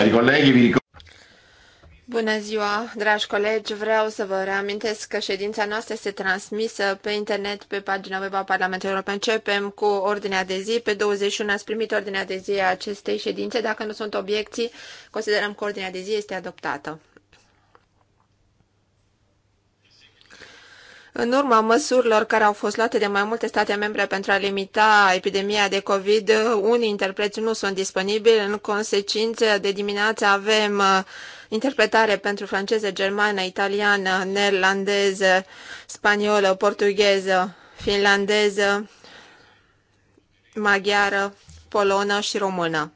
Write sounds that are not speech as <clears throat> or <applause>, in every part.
Cari colleghi, vi ricordo... Bună ziua, dragi colegi! Vreau să vă reamintesc că ședința noastră este transmisă pe internet pe pagina web a Parlamentului European. Începem cu ordinea de zi. Pe 21 ați primit ordinea de zi a acestei ședințe. Dacă nu sunt obiecții, considerăm că ordinea de zi este adoptată. În urma măsurilor care au fost luate de mai multe state membre pentru a limita epidemia de COVID, unii interpreți nu sunt disponibili. În consecință, de dimineață avem uh, interpretare pentru franceză, germană, italiană, neerlandeză, spaniolă, portugheză, finlandeză, maghiară, polonă și română.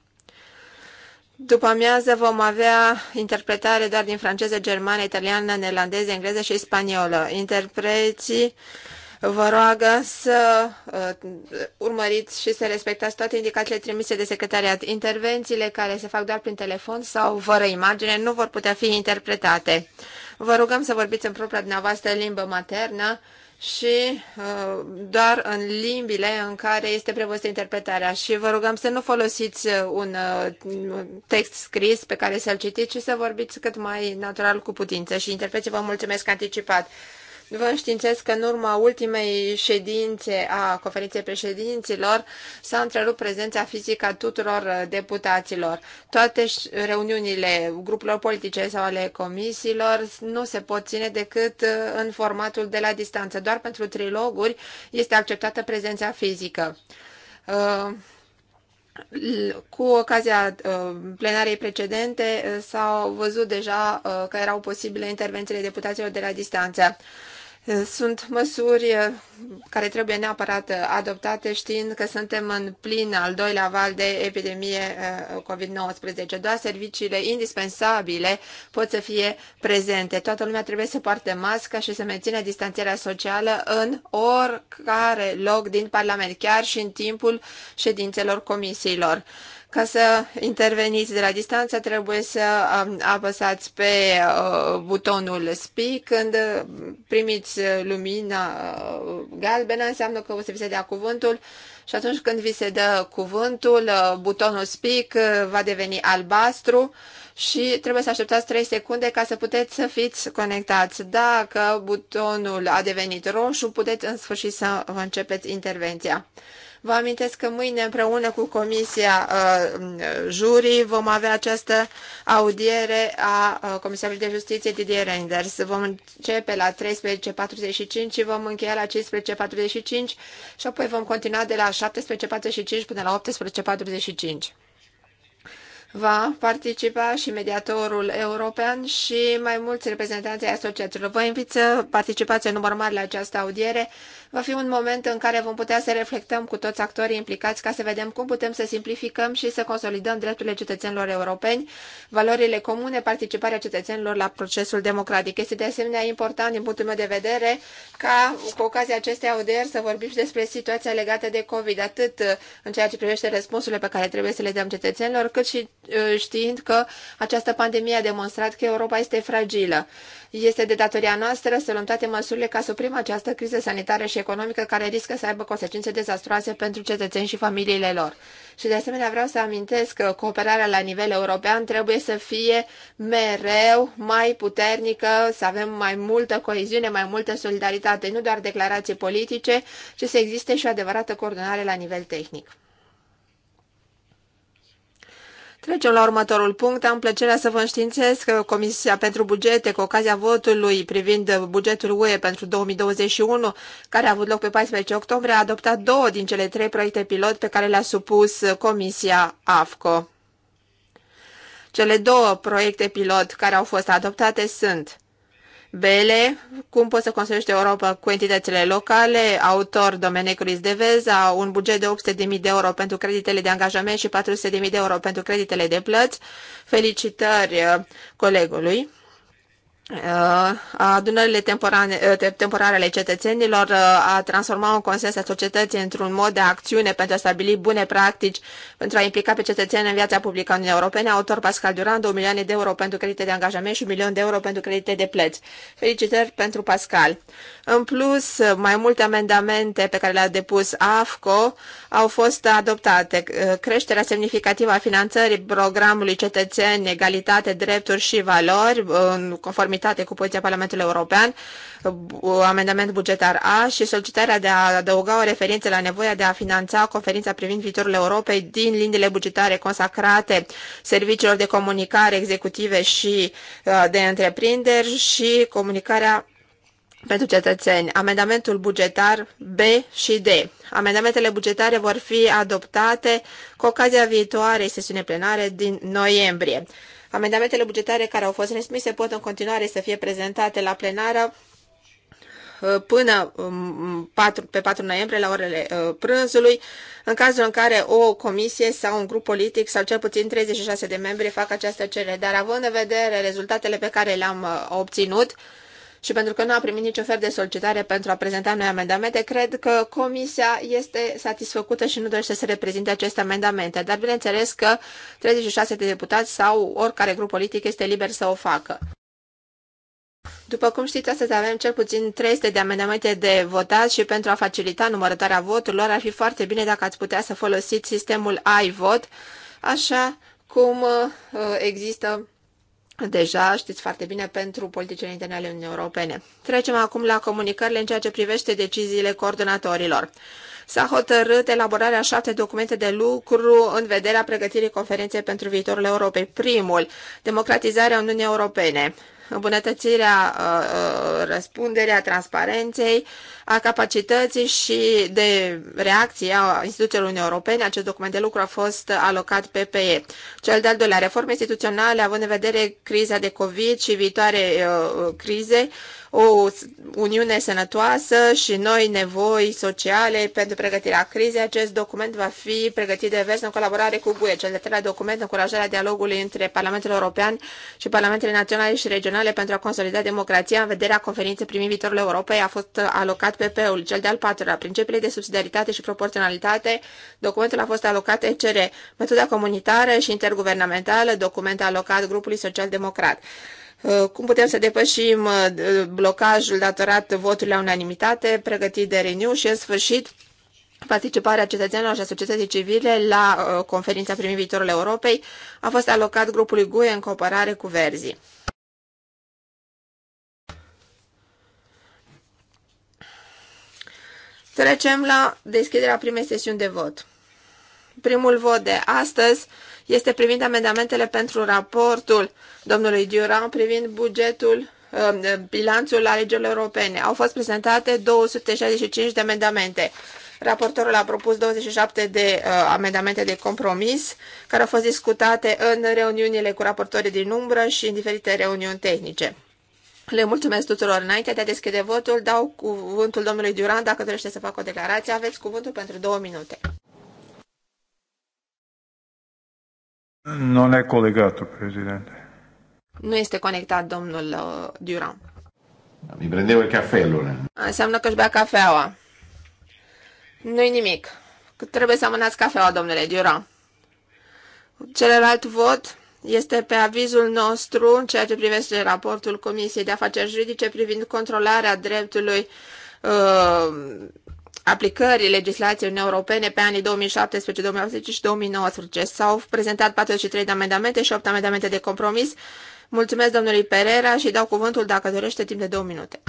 După amiază vom avea interpretare doar din franceză, germană, italiană, neerlandeză, engleză și spaniolă. Interpreții vă roagă să uh, urmăriți și să respectați toate indicațiile trimise de secretariat. Intervențiile care se fac doar prin telefon sau fără imagine nu vor putea fi interpretate. Vă rugăm să vorbiți în propria dumneavoastră limbă maternă și uh, doar în limbile în care este prevăzută interpretarea. Și vă rugăm să nu folosiți uh, uh, un text scris pe care să-l citiți, ci să vorbiți cât mai natural cu putință. Și interpreții vă mulțumesc anticipat. Vă înștiințez că în urma ultimei ședințe a conferinței președinților s-a întrerupt prezența fizică a tuturor uh, deputaților. Toate reuniunile grupurilor politice sau ale comisiilor nu se pot ține decât uh, în formatul de la distanță. Doar pentru triloguri este acceptată prezența fizică. Uh, cu ocazia plenarei precedente s-au văzut deja că erau posibile intervențiile deputaților de la distanță. Sunt măsuri eh, care trebuie neapărat eh, adoptate știind că suntem în plin al doilea val de epidemie eh, COVID-19. Doar serviciile indispensabile pot să fie prezente. Toată lumea trebuie să poarte masca și să mențină distanțarea socială în oricare loc din Parlament, chiar și în timpul ședințelor comisiilor. Ca să interveniți de la distanță, trebuie să um, apăsați pe uh, butonul speak. Când uh, primiți uh, lumina galbenă, înseamnă că o să vi se dea cuvântul și atunci când vi se dă cuvântul, butonul speak va deveni albastru și trebuie să așteptați 3 secunde ca să puteți să fiți conectați. Dacă butonul a devenit roșu, puteți în sfârșit să începeți intervenția. Vă amintesc că mâine împreună cu Comisia uh, Jurii vom avea această audiere a uh, Comisarului de Justiție Didier Reinders. Vom începe la 13.45 și vom încheia la 15.45 și apoi vom continua de la 17.45 până la 18.45. Va participa și mediatorul european și mai mulți reprezentanți ai asociațiilor. Vă invit să participați în număr mare la această audiere Va fi un moment în care vom putea să reflectăm cu toți actorii implicați ca să vedem cum putem să simplificăm și să consolidăm drepturile cetățenilor europeni, valorile comune, participarea cetățenilor la procesul democratic. Este de asemenea important, din punctul meu de vedere, ca cu ocazia acestei audieri să vorbim și despre situația legată de COVID, atât uh, în ceea ce privește răspunsurile pe care trebuie să le dăm cetățenilor, cât și uh, știind că această pandemie a demonstrat că Europa este fragilă. Este de datoria noastră să luăm toate măsurile ca să oprim această criză sanitară și economică care riscă să aibă consecințe dezastroase pentru cetățeni și familiile lor. Și de asemenea vreau să amintesc că cooperarea la nivel european trebuie să fie mereu mai puternică, să avem mai multă coeziune, mai multă solidaritate, nu doar declarații politice, ci să existe și o adevărată coordonare la nivel tehnic. Trecem la următorul punct. Am plăcerea să vă înștiințez că uh, Comisia pentru Bugete, cu ocazia votului privind bugetul UE pentru 2021, care a avut loc pe 14 octombrie, a adoptat două din cele trei proiecte pilot pe care le-a supus uh, Comisia AFCO. Cele două proiecte pilot care au fost adoptate sunt Bele, cum poți să construiești Europa cu entitățile locale, autor Domenecul Izdeveza, un buget de 800.000 de euro pentru creditele de angajament și 400.000 de euro pentru creditele de plăți. Felicitări colegului. Uh, adunările temporare, uh, temporare ale cetățenilor, uh, a transforma un consens al societății într-un mod de acțiune pentru a stabili bune practici, pentru a implica pe cetățeni în viața publică a Uniunii Europene, autor Pascal Durand 2 milioane de euro pentru credite de angajament și 1 milion de euro pentru credite de plăți. Felicitări pentru Pascal. În plus, mai multe amendamente pe care le-a depus AFCO au fost adoptate. Creșterea semnificativă a finanțării programului Cetățeni, Egalitate, Drepturi și Valori, în conform conformitate cu poziția Parlamentului European, amendament bugetar A și solicitarea de a adăuga o referință la nevoia de a finanța conferința privind viitorul Europei din liniile bugetare consacrate serviciilor de comunicare executive și uh, de întreprinderi și comunicarea pentru cetățeni. Amendamentul bugetar B și D. Amendamentele bugetare vor fi adoptate cu ocazia viitoarei sesiune plenare din noiembrie. Amendamentele bugetare care au fost respinse pot în continuare să fie prezentate la plenară uh, până um, pe 4 noiembrie la orele uh, prânzului, în cazul în care o comisie sau un grup politic sau cel puțin 36 de membri fac această cerere. Dar având în vedere rezultatele pe care le-am uh, obținut, și pentru că nu a primit niciun fel de solicitare pentru a prezenta noi amendamente, cred că comisia este satisfăcută și nu dorește să reprezinte aceste amendamente. Dar bineînțeles că 36 de deputați sau oricare grup politic este liber să o facă. După cum știți, astăzi avem cel puțin 300 de amendamente de votat și pentru a facilita numărătoarea voturilor ar fi foarte bine dacă ați putea să folosiți sistemul iVot, așa cum uh, există deja știți foarte bine pentru politicile interne ale Uniunii Europene. Trecem acum la comunicările în ceea ce privește deciziile coordonatorilor. S-a hotărât elaborarea șapte documente de lucru în vederea pregătirii conferinței pentru viitorul Europei. Primul, democratizarea Uniunii Europene îmbunătățirea uh, uh, răspunderea, transparenței, a capacității și de reacție a instituțiilor Uniunii Europene. Acest document de lucru a fost alocat PPE. Cel de-al doilea, reforme instituționale, având în vedere criza de COVID și viitoare uh, crize, o uniune sănătoasă și noi nevoi sociale pentru pregătirea crizei. Acest document va fi pregătit de vers în colaborare cu GUE, cel de treilea document, încurajarea dialogului între Parlamentul European și Parlamentele Naționale și Regionale pentru a consolida democrația în vederea conferinței primii viitorul Europei a fost alocat pe ul cel de-al patrulea, principiile de subsidiaritate și proporționalitate. Documentul a fost alocat ECR, metoda comunitară și interguvernamentală, document alocat grupului social-democrat. Uh, cum putem să depășim uh, blocajul datorat votului la unanimitate pregătit de Renew și, în sfârșit, participarea cetățenilor și a societății civile la uh, conferința primii viitorul Europei a fost alocat grupului GUE în cooperare cu Verzi. Trecem la deschiderea primei sesiuni de vot. Primul vot de astăzi este privind amendamentele pentru raportul domnului Durand privind bugetul um, bilanțul alegerilor europene. Au fost prezentate 265 de amendamente. Raportorul a propus 27 de uh, amendamente de compromis care au fost discutate în reuniunile cu raportorii din umbră și în diferite reuniuni tehnice. Le mulțumesc tuturor. Înainte de a deschide votul, dau cuvântul domnului Durand Dacă dorește să facă o declarație, aveți cuvântul pentru două minute. Nu ne collegato, președinte. Nu este conectat, domnul uh, Duran. Mi prendeu il cafelul. Înseamnă că își bea cafeaua. Nu-i nimic. Cât trebuie să amânați cafeaua, domnule Duran? Celălalt vot este pe avizul nostru în ceea ce privește raportul Comisiei de Afaceri Juridice privind controlarea dreptului uh, aplicării legislației Uniunii Europene pe anii 2017, 2018 și 2019. S-au prezentat 43 de amendamente și 8 amendamente de compromis. Mulțumesc domnului Pereira și dau cuvântul dacă dorește timp de două minute.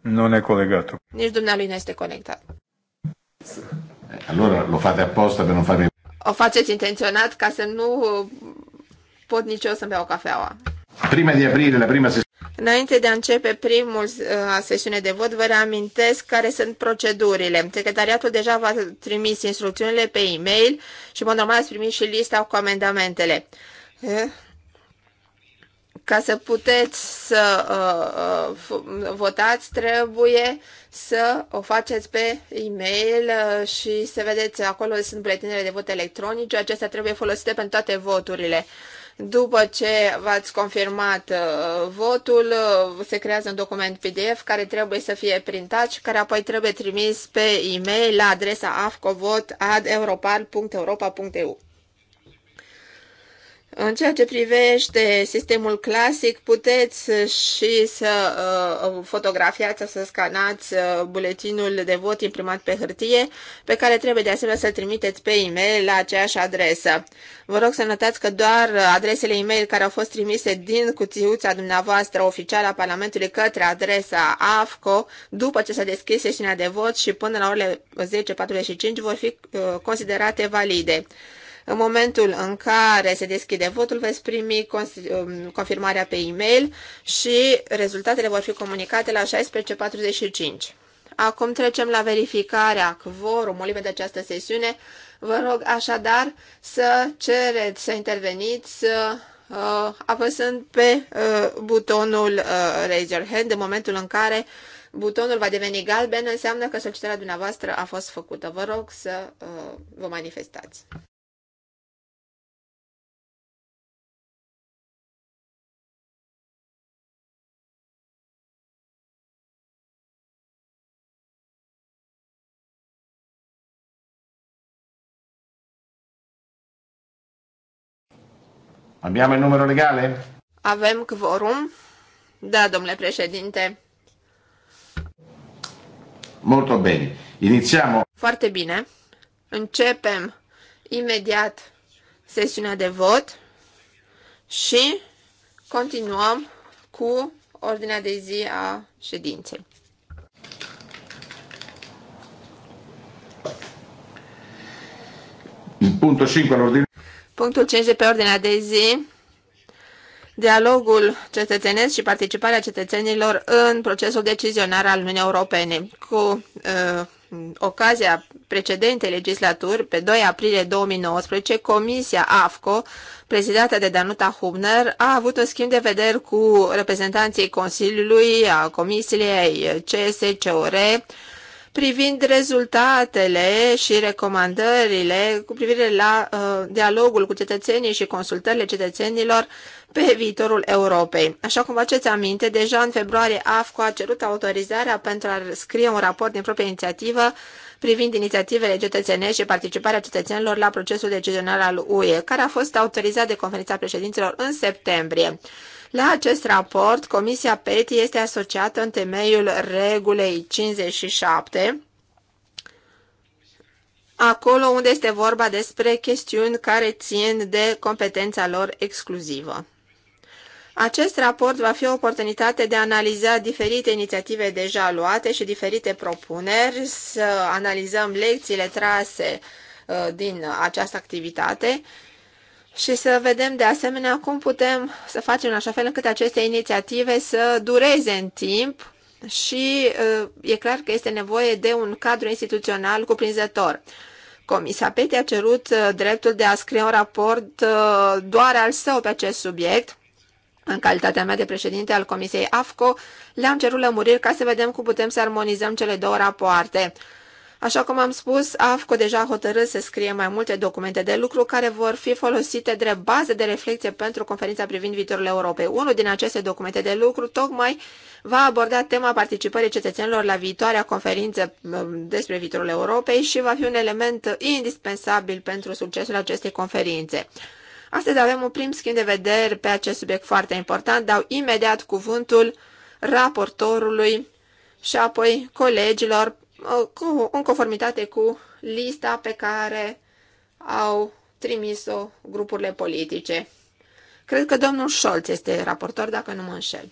Nu ne colegat. Nici dumnealui nu este conectat. Allora lo fate apposta per non farmi... O faceți intenționat ca să nu pot nici eu să beau cafeaua. Prima de aprilie, la prima sesiune... Înainte de a începe primul uh, a sesiune de vot, vă reamintesc care sunt procedurile. Secretariatul deja v-a trimis instrucțiunile pe e-mail și, în mod normal, ați primit și lista cu amendamentele. Ca să puteți să uh, uh, votați, trebuie să o faceți pe e-mail uh, și să vedeți acolo sunt buletinele de vot electronice. Acestea trebuie folosite pentru toate voturile. După ce v-ați confirmat uh, votul, uh, se creează un document PDF care trebuie să fie printat și care apoi trebuie trimis pe e-mail la adresa afcovot.europarl.europa.eu. În ceea ce privește sistemul clasic, puteți și să uh, fotografiați, să scanați uh, buletinul de vot imprimat pe hârtie, pe care trebuie de asemenea să-l trimiteți pe e-mail la aceeași adresă. Vă rog să notați că doar adresele e-mail care au fost trimise din cuțiuța dumneavoastră oficială a Parlamentului către adresa AFCO, după ce s-a deschis sesiunea de vot și până la orele 10.45 vor fi uh, considerate valide. În momentul în care se deschide votul, veți primi um, confirmarea pe e-mail și rezultatele vor fi comunicate la 16.45. Acum trecem la verificarea cvorumului de această sesiune. Vă rog așadar să cereți să interveniți uh, apăsând pe uh, butonul uh, Raise Your Hand în momentul în care butonul va deveni galben, înseamnă că solicitarea dumneavoastră a fost făcută. Vă rog să uh, vă manifestați. Abbiamo il numero legale? Avem quorum? Da, domnule președinte. Molto bene. Iniziamo. Foarte bine. Începem imediat sesiunea de vot și continuăm cu ordinea de zi a ședinței. Punctul 5 all'ordine Punctul 5 de pe ordinea de zi, dialogul cetățenesc și participarea cetățenilor în procesul decizionar al Uniunii Europene. Cu uh, ocazia precedentei legislaturi, pe 2 aprilie 2019, Comisia AFCO, prezidată de Danuta Hubner, a avut un schimb de vederi cu reprezentanții Consiliului, a Comisiei CSCOR, privind rezultatele și recomandările cu privire la uh, dialogul cu cetățenii și consultările cetățenilor pe viitorul Europei. Așa cum faceți aminte, deja în februarie AFCO a cerut autorizarea pentru a scrie un raport din proprie inițiativă privind inițiativele cetățenești și participarea cetățenilor la procesul decizional al UE, care a fost autorizat de conferința președinților în septembrie. La acest raport, Comisia PETI este asociată în temeiul regulei 57, acolo unde este vorba despre chestiuni care țin de competența lor exclusivă. Acest raport va fi o oportunitate de a analiza diferite inițiative deja luate și diferite propuneri, să analizăm lecțiile trase uh, din această activitate și să vedem de asemenea cum putem să facem în așa fel încât aceste inițiative să dureze în timp și uh, e clar că este nevoie de un cadru instituțional cuprinzător. Comisia PETI a cerut uh, dreptul de a scrie un raport uh, doar al său pe acest subiect. În calitatea mea de președinte al Comisiei AFCO, le-am cerut lămuriri ca să vedem cum putem să armonizăm cele două rapoarte. Așa cum am spus, AFCO deja hotărât să scrie mai multe documente de lucru care vor fi folosite drept bază de reflexie pentru conferința privind viitorul Europei. Unul din aceste documente de lucru tocmai va aborda tema participării cetățenilor la viitoarea conferință um, despre viitorul Europei și va fi un element indispensabil pentru succesul acestei conferințe. Astăzi avem un prim schimb de vedere pe acest subiect foarte important. Dau imediat cuvântul raportorului și apoi colegilor cu, în conformitate cu lista pe care au trimis-o grupurile politice. Cred că domnul Scholz este raportor, dacă nu mă înșel.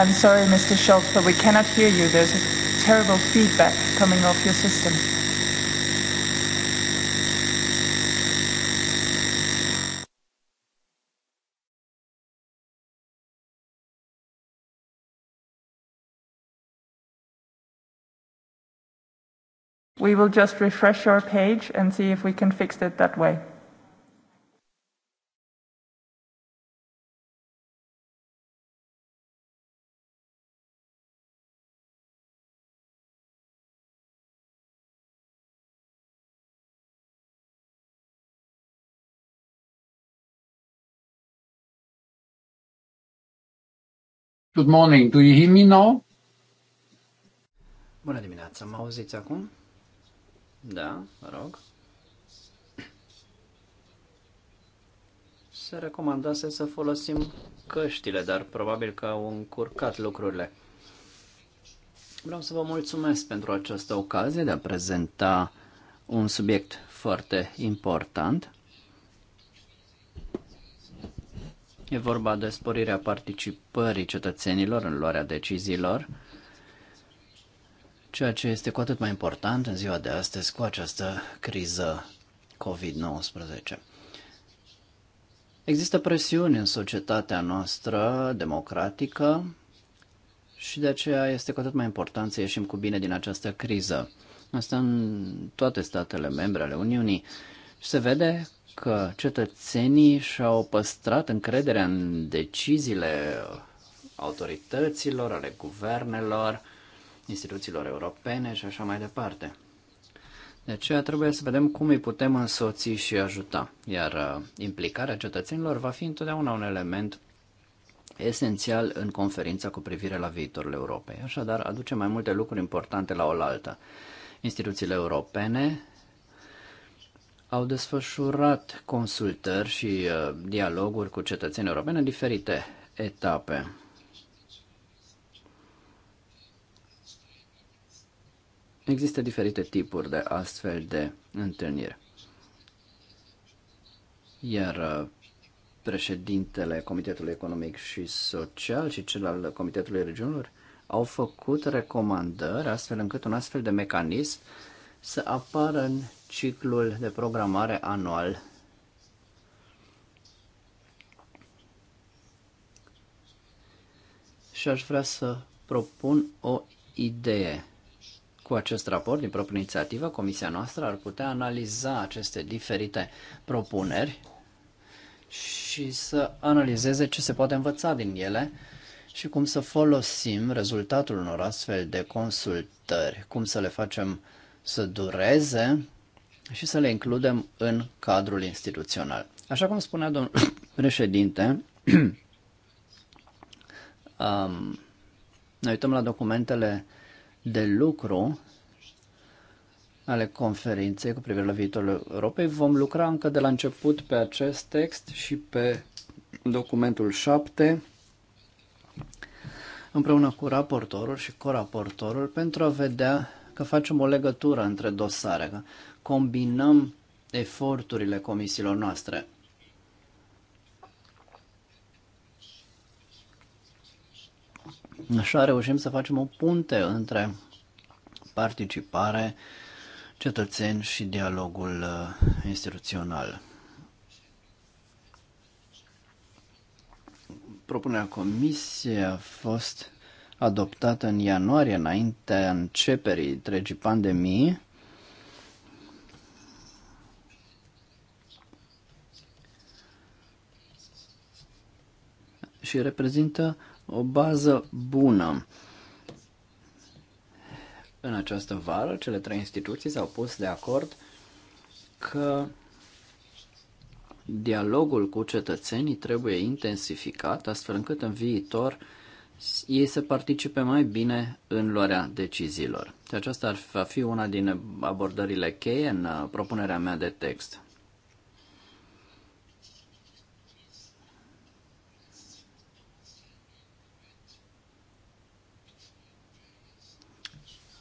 I'm sorry, Mr. Schultz, but we cannot hear you. There's a terrible feedback coming off your system. We will just refresh our page and see if we can fix it that way. Good morning. Do you hear me now? Bună dimineața. Mă auziți acum? Da, vă rog. Se recomandase să folosim căștile, dar probabil că au încurcat lucrurile. Vreau să vă mulțumesc pentru această ocazie de a prezenta un subiect foarte important. E vorba de sporirea participării cetățenilor în luarea deciziilor, ceea ce este cu atât mai important în ziua de astăzi cu această criză COVID-19. Există presiuni în societatea noastră democratică și de aceea este cu atât mai important să ieșim cu bine din această criză. Asta în toate statele membre ale Uniunii. Și se vede că cetățenii și-au păstrat încrederea în deciziile autorităților, ale guvernelor, instituțiilor europene și așa mai departe. De aceea trebuie să vedem cum îi putem însoți și ajuta. Iar uh, implicarea cetățenilor va fi întotdeauna un element esențial în conferința cu privire la viitorul Europei. Așadar, aduce mai multe lucruri importante la oaltă. Instituțiile europene au desfășurat consultări și uh, dialoguri cu cetățenii europeni în diferite etape. Există diferite tipuri de astfel de întâlniri. Iar uh, președintele Comitetului Economic și Social și cel al Comitetului Regiunilor au făcut recomandări astfel încât un astfel de mecanism să apară în ciclul de programare anual. Și aș vrea să propun o idee. Cu acest raport, din proprie inițiativă, comisia noastră ar putea analiza aceste diferite propuneri și să analizeze ce se poate învăța din ele și cum să folosim rezultatul unor astfel de consultări, cum să le facem să dureze și să le includem în cadrul instituțional. Așa cum spunea domnul <coughs> președinte, um, <coughs> ne uităm la documentele de lucru ale conferinței cu privire la viitorul Europei. Vom lucra încă de la început pe acest text și pe documentul 7 împreună cu raportorul și coraportorul pentru a vedea că facem o legătură între dosare, că combinăm eforturile comisiilor noastre. Așa reușim să facem o punte între participare, cetățeni și dialogul uh, instituțional. Propunerea comisiei a fost adoptată în ianuarie, înainte începerii întregii pandemii, și reprezintă o bază bună. În această vară, cele trei instituții s-au pus de acord că dialogul cu cetățenii trebuie intensificat, astfel încât în viitor ei să participe mai bine în luarea deciziilor. Și deci aceasta ar fi una din abordările cheie în uh, propunerea mea de text.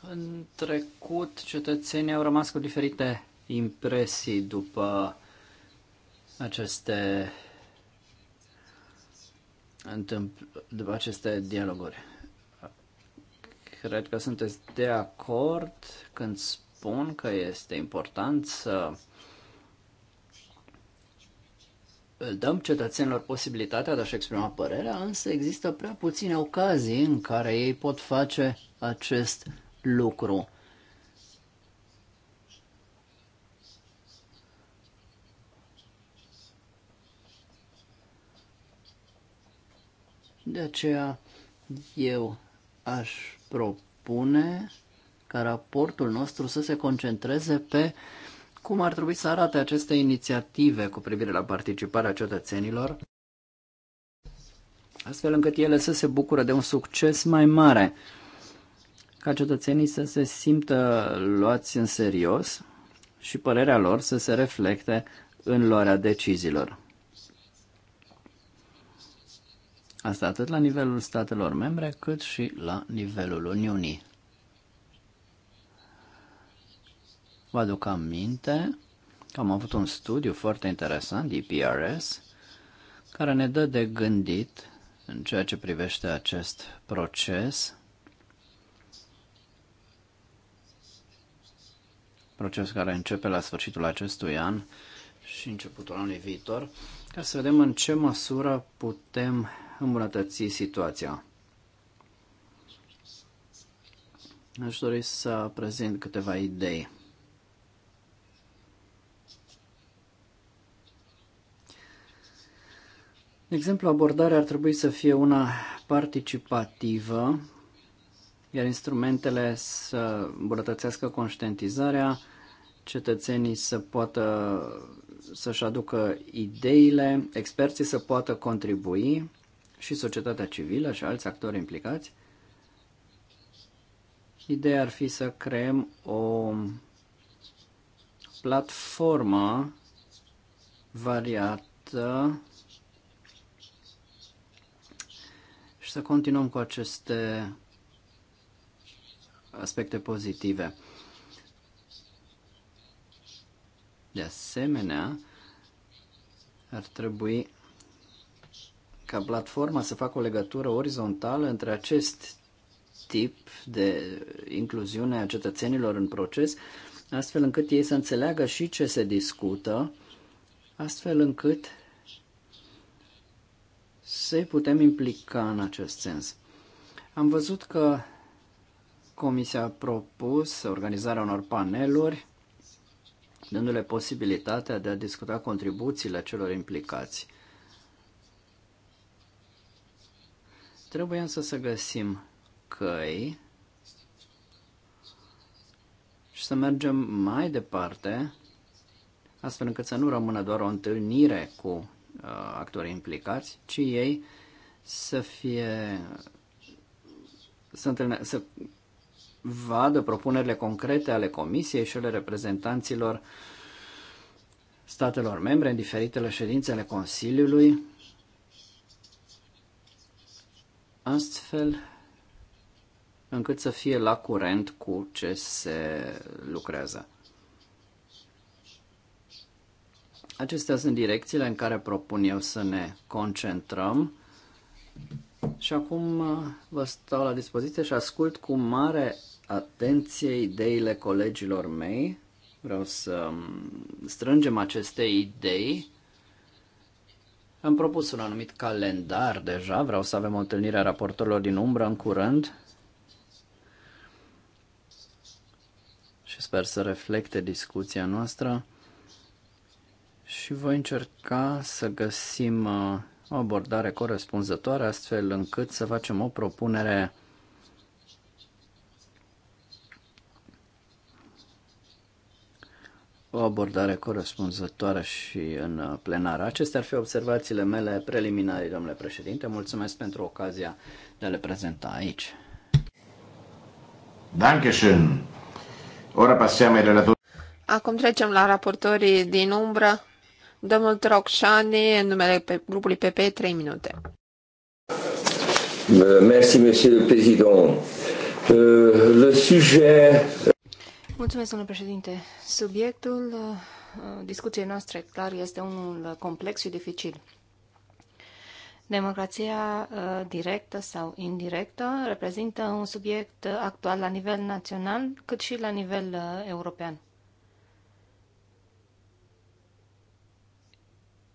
În trecut, cetățenii au rămas cu diferite impresii după aceste întâmpl- după aceste dialoguri. Cred că sunteți de acord când spun că este important să dăm cetățenilor posibilitatea de a-și exprima părerea, însă există prea puține ocazii în care ei pot face acest lucru. De aceea eu aș propune ca raportul nostru să se concentreze pe cum ar trebui să arate aceste inițiative cu privire la participarea cetățenilor, astfel încât ele să se bucură de un succes mai mare, ca cetățenii să se simtă luați în serios și părerea lor să se reflecte în luarea deciziilor. Asta atât la nivelul statelor membre, cât și la nivelul Uniunii. Vă aduc aminte că am avut un studiu foarte interesant, DPRS, care ne dă de gândit în ceea ce privește acest proces, proces care începe la sfârșitul acestui an și începutul anului viitor, ca să vedem în ce măsură putem îmbunătăți situația. Aș dori să prezint câteva idei. De exemplu, abordarea ar trebui să fie una participativă, iar instrumentele să îmbunătățească conștientizarea, cetățenii să poată să-și aducă ideile, experții să poată contribui și societatea civilă și alți actori implicați. Ideea ar fi să creăm o platformă variată și să continuăm cu aceste aspecte pozitive. De asemenea, ar trebui ca platforma să facă o legătură orizontală între acest tip de incluziune a cetățenilor în proces, astfel încât ei să înțeleagă și ce se discută, astfel încât să-i putem implica în acest sens. Am văzut că Comisia a propus organizarea unor paneluri, dându-le posibilitatea de a discuta contribuțiile celor implicați – Trebuie însă să găsim căi și să mergem mai departe, astfel încât să nu rămână doar o întâlnire cu uh, actorii implicați, ci ei să fie să, întâlne, să vadă propunerile concrete ale Comisiei și ale reprezentanților statelor membre în diferitele ședințele Consiliului astfel încât să fie la curent cu ce se lucrează. Acestea sunt direcțiile în care propun eu să ne concentrăm. Și acum uh, vă stau la dispoziție și ascult cu mare atenție ideile colegilor mei. Vreau să um, strângem aceste idei am propus un anumit calendar deja, vreau să avem o întâlnire a raportorilor din umbră în curând și sper să reflecte discuția noastră și voi încerca să găsim uh, o abordare corespunzătoare astfel încât să facem o propunere o abordare corespunzătoare și în plenară. Acestea ar fi observațiile mele preliminare, domnule președinte. Mulțumesc pentru ocazia de a le prezenta aici. Dankeschön. Ora passiamo ai relatori. Acum trecem la raportorii din umbră. Domnul Trocșani, în numele grupului PP, 3 minute. Merci, monsieur le président. Euh, le sujet Mulțumesc, domnule președinte. Subiectul uh, discuției noastre, clar, este unul complex și dificil. Democrația uh, directă sau indirectă reprezintă un subiect actual la nivel național, cât și la nivel uh, european.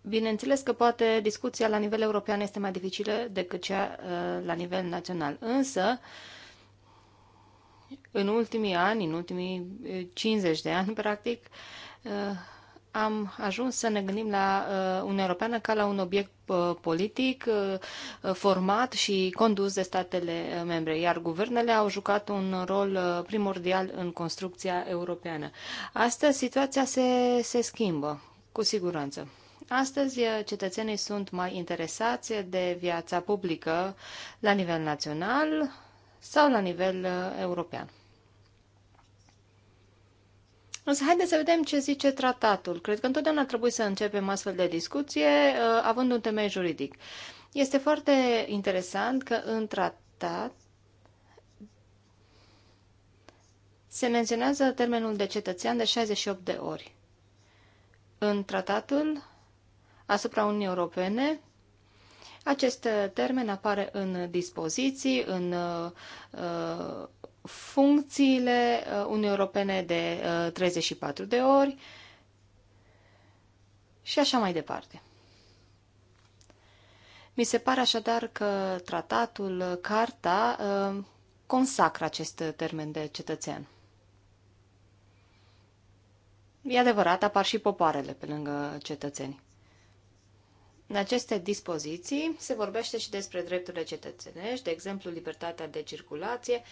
Bineînțeles că poate discuția la nivel european este mai dificilă decât cea la nivel național, însă în ultimii ani, în ultimii 50 eh, de ani, <laughs> practic, eh, am ajuns să ne gândim la eh, Uniunea Europeană ca la un obiect politic format și condus de statele membre, iar guvernele au jucat un rol primordial în construcția europeană. Astăzi situația se, se schimbă, cu siguranță. Astăzi, cetățenii sunt mai interesați de viața publică la nivel național, sau la nivel uh, european. Însă haideți să vedem ce zice tratatul. Cred că întotdeauna trebuie să începem astfel de discuție uh, având un temei juridic. Este foarte interesant că în tratat se menționează termenul de cetățean de 68 de ori. În tratatul asupra Uniunii Europene acest uh, termen apare în dispoziții, în uh, funcțiile uh, Unii Europene de 34 de ori și așa mai departe. Mi se pare așadar că tratatul, carta, consacră acest termen de cetățean. E adevărat, apar și popoarele pe lângă cetățeni. În aceste dispoziții se vorbește și despre drepturile cetățenești, de exemplu libertatea de circulație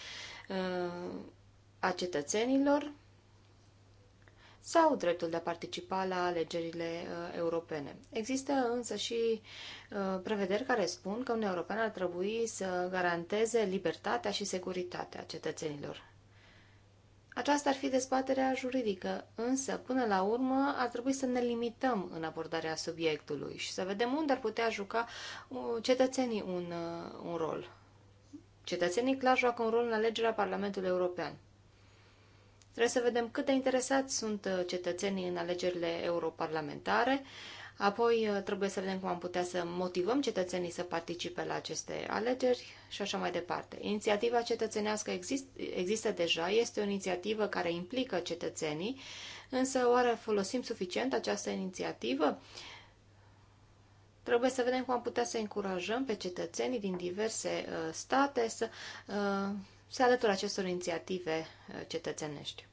uh, a cetățenilor sau dreptul de a participa la alegerile uh, europene. Există însă și uh, prevederi care spun că Uniunea Europeană ar trebui să garanteze libertatea și securitatea cetățenilor. Aceasta ar fi dezbaterea juridică, însă, până la urmă, ar trebui să ne limităm în abordarea subiectului și să vedem unde ar putea juca uh, cetățenii un, uh, un rol. Cetățenii clar joacă un rol în alegerea Parlamentului European. Trebuie să vedem cât de interesați sunt uh, cetățenii în alegerile europarlamentare, Apoi uh, trebuie să vedem cum am putea să motivăm cetățenii să participe la aceste alegeri și așa mai departe. Inițiativa cetățenească exist, există deja, este o inițiativă care implică cetățenii, însă oare folosim suficient această inițiativă? Trebuie să vedem cum am putea să încurajăm pe cetățenii din diverse uh, state să uh, se alăture acestor inițiative uh, cetățenești.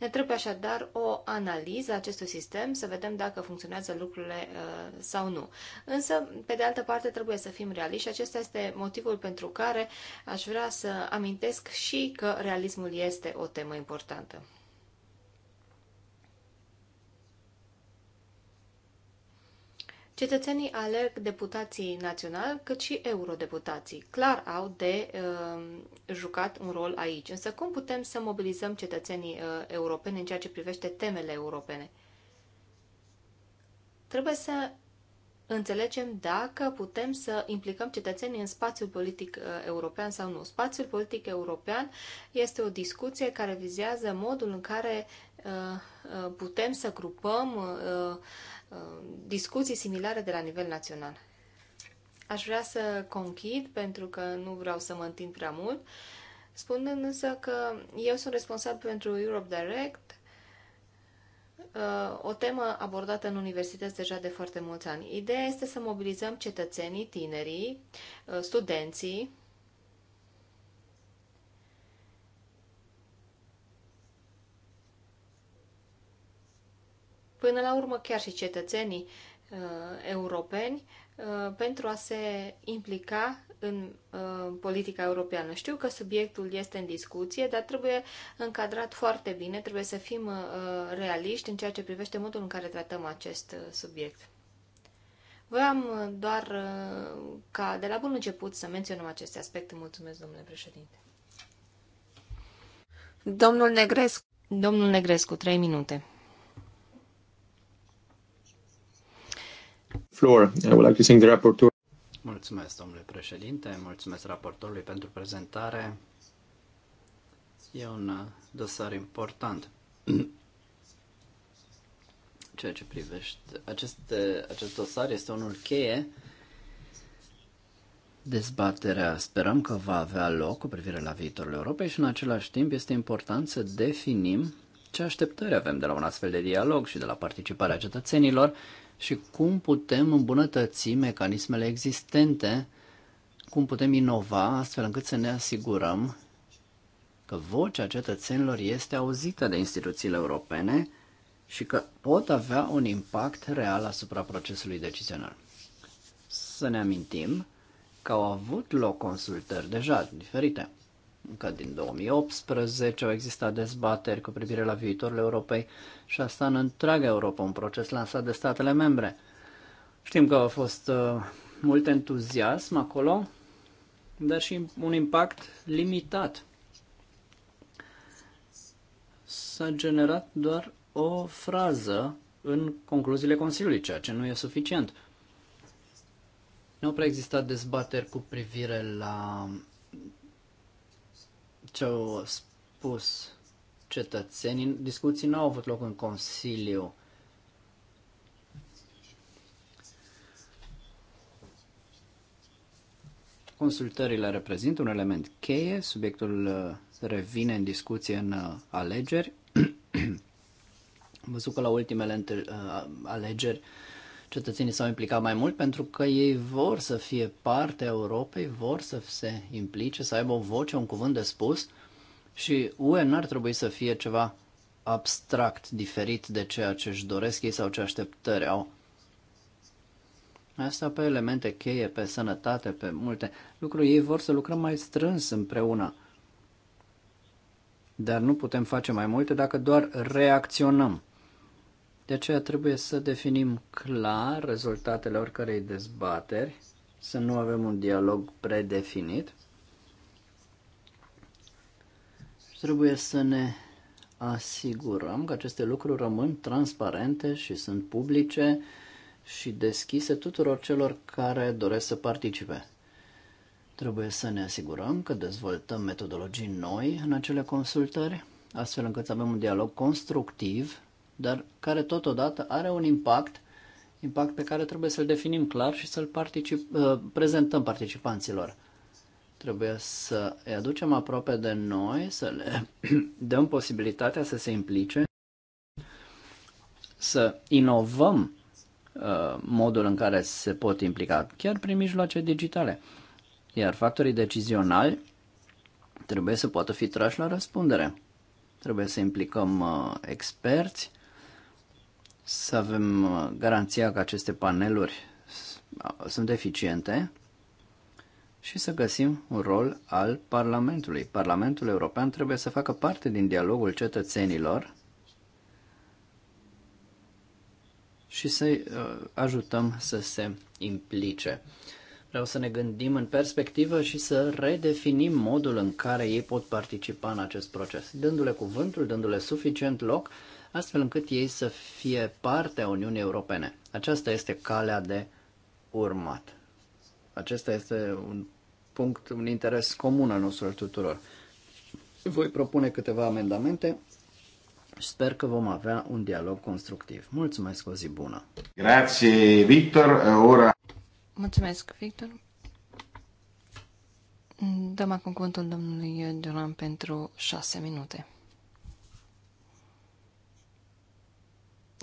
Ne trebuie așadar o analiză a acestui sistem să vedem dacă funcționează lucrurile uh, sau nu. Însă, pe de altă parte, trebuie să fim realiști și acesta este motivul pentru care aș vrea să amintesc și că realismul este o temă importantă. Cetățenii alerg deputații naționali cât și eurodeputații. Clar au de uh, jucat un rol aici. Însă cum putem să mobilizăm cetățenii uh, europeni în ceea ce privește temele europene? Trebuie să înțelegem dacă putem să implicăm cetățenii în spațiul politic uh, european sau nu. Spațiul politic european este o discuție care vizează modul în care uh, uh, putem să grupăm Um, discuții similare de la nivel național. Aș vrea să conchid, pentru că nu vreau să mă întind prea mult, spunând însă că eu sunt responsabil pentru Europe Direct, uh, o temă abordată în universități deja de foarte mulți ani. Ideea este să mobilizăm cetățenii, tinerii, uh, studenții, până la urmă chiar și cetățenii uh, europeni uh, pentru a se implica în uh, politica europeană. Știu că subiectul este în discuție, dar trebuie încadrat foarte bine, trebuie să fim uh, realiști în ceea ce privește modul în care tratăm acest uh, subiect. Voiam uh, doar uh, ca de la bun început să menționăm aceste aspecte. Mulțumesc, domnule președinte. Domnul Negrescu. Domnul Negrescu, trei minute. floor. I would like to thank the rapporteur. Mulțumesc, domnule președinte, mulțumesc raportorului pentru prezentare. E un uh, dosar important. <clears throat> Ceea ce privește acest, uh, acest dosar este unul cheie. Dezbaterea sperăm că va avea loc cu privire la viitorul Europei și în același timp este important să definim ce așteptări avem de la un astfel de dialog și de la participarea cetățenilor și cum putem îmbunătăți mecanismele existente, cum putem inova astfel încât să ne asigurăm că vocea cetățenilor este auzită de instituțiile europene și că pot avea un impact real asupra procesului decizional. Să ne amintim că au avut loc consultări deja diferite încă din 2018 au existat dezbateri cu privire la viitorul Europei și asta în întreaga Europa, un proces lansat de statele membre. Știm că a fost uh, mult entuziasm acolo, dar și un impact limitat. S-a generat doar o frază în concluziile Consiliului, ceea ce nu e suficient. Nu au prea existat dezbateri cu privire la ce au spus cetățenii, discuții nu au avut loc în Consiliu. Consultările reprezintă un element cheie, subiectul uh, revine în discuție în uh, alegeri. <clears throat> Am văzut că la ultimele uh, alegeri Cetățenii s-au implicat mai mult pentru că ei vor să fie parte a Europei, vor să se implice, să aibă o voce, un cuvânt de spus și UE n-ar trebui să fie ceva abstract, diferit de ceea ce își doresc ei sau ce așteptări au. Asta pe elemente cheie, pe sănătate, pe multe lucruri. Ei vor să lucrăm mai strâns împreună. Dar nu putem face mai multe dacă doar reacționăm. De aceea trebuie să definim clar rezultatele oricărei dezbateri, să nu avem un dialog predefinit. trebuie să ne asigurăm că aceste lucruri rămân transparente și sunt publice și deschise tuturor celor care doresc să participe. Trebuie să ne asigurăm că dezvoltăm metodologii noi în acele consultări, astfel încât să avem un dialog constructiv dar care totodată are un impact, impact pe care trebuie să-l definim clar și să-l particip, uh, prezentăm participanților. Trebuie să îi aducem aproape de noi, să le <clears throat> dăm posibilitatea să se implice, să inovăm uh, modul în care se pot implica, chiar prin mijloace digitale. Iar factorii decizionali trebuie să poată fi trași la răspundere. Trebuie să implicăm uh, experți să avem uh, garanția că aceste paneluri sunt eficiente și să găsim un rol al Parlamentului. Parlamentul European trebuie să facă parte din dialogul cetățenilor și să uh, ajutăm să se implice. Vreau să ne gândim în perspectivă și să redefinim modul în care ei pot participa în acest proces, dându-le cuvântul, dându-le suficient loc astfel încât ei să fie parte a Uniunii Europene. Aceasta este calea de urmat. Acesta este un punct, un interes comun al nostru al tuturor. Voi propune câteva amendamente Sper că vom avea un dialog constructiv. Mulțumesc, o zi bună! Grazie, Victor. Ora... Mulțumesc, Victor. Dăm acum cuvântul domnului Duran pentru șase minute.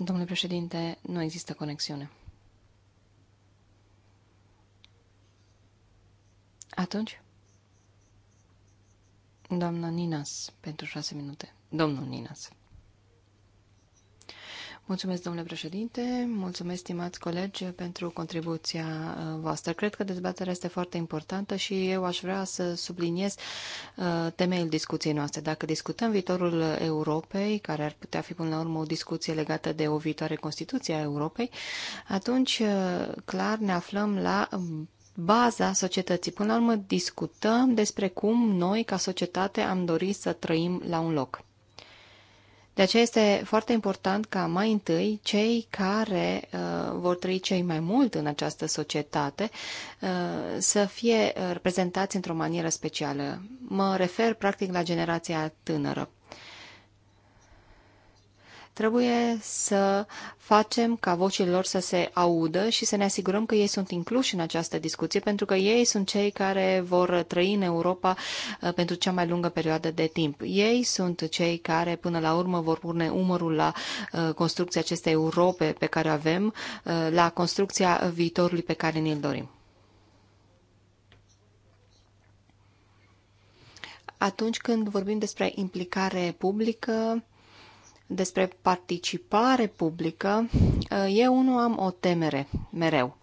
Domnule președinte, nu există conexiune. Atunci? Doamna Ninas, pentru șase minute. Domnul Ninas. Mulțumesc, domnule președinte, mulțumesc, stimați colegi, pentru contribuția uh, voastră. Cred că dezbaterea este foarte importantă și eu aș vrea să subliniez uh, temeiul discuției noastre. Dacă discutăm viitorul Europei, care ar putea fi până la urmă o discuție legată de o viitoare Constituție a Europei, atunci uh, clar ne aflăm la baza societății. Până la urmă discutăm despre cum noi, ca societate, am dorit să trăim la un loc. De aceea este foarte important ca mai întâi cei care uh, vor trăi cei mai mult în această societate uh, să fie reprezentați într-o manieră specială. Mă refer practic la generația tânără. Trebuie să facem ca vocile lor să se audă și să ne asigurăm că ei sunt incluși în această discuție, pentru că ei sunt cei care vor trăi în Europa uh, pentru cea mai lungă perioadă de timp. Ei sunt cei care, până la urmă, vor pune umărul la uh, construcția acestei Europe pe care o avem, uh, la construcția viitorului pe care ne-l dorim. Atunci când vorbim despre implicare publică, despre participare publică, eh, eu nu am o temere mereu.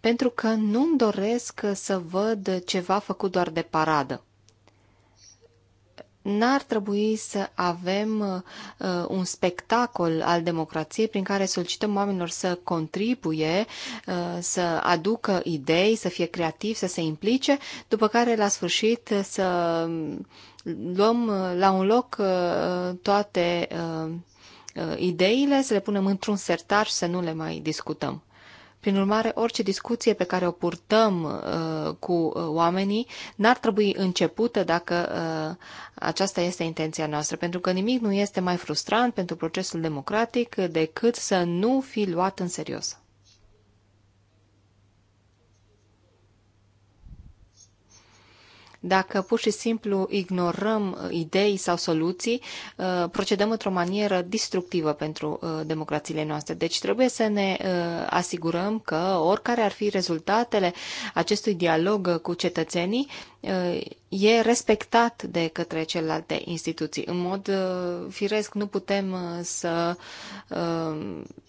Pentru că nu-mi doresc să văd ceva făcut doar de paradă n-ar trebui să avem uh, un spectacol al democrației prin care solicităm oamenilor să contribuie, uh, să aducă idei, să fie creativi, să se implice, după care la sfârșit să luăm uh, la un loc uh, toate uh, ideile, să le punem într-un sertar și să nu le mai discutăm. Prin urmare, orice discuție pe care o purtăm uh, cu oamenii n-ar trebui începută dacă uh, aceasta este intenția noastră, pentru că nimic nu este mai frustrant pentru procesul democratic decât să nu fi luat în serios. Dacă pur și simplu ignorăm uh, idei sau soluții, uh, procedăm într-o manieră distructivă pentru uh, democrațiile noastre. Deci trebuie să ne asigurăm că oricare ar fi rezultatele acestui dialog cu cetățenii, e respectat de către celelalte instituții. În mod firesc nu putem să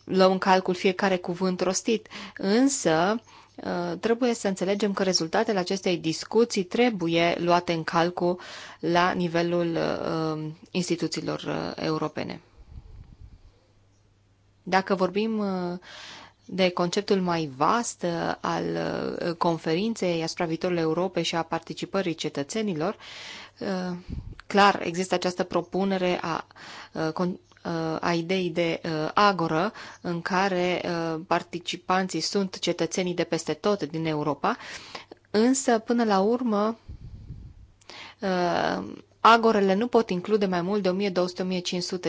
luăm în calcul fiecare cuvânt rostit, însă Uh, trebuie să înțelegem că rezultatele acestei discuții trebuie luate în calcul la nivelul uh, instituțiilor uh, europene. Dacă vorbim de conceptul mai vast al conferinței asupra viitorului Europei și a participării cetățenilor, clar există această propunere a a ideii de uh, agoră în care uh, participanții sunt cetățenii de peste tot din Europa, însă până la urmă uh, agorele nu pot include mai mult de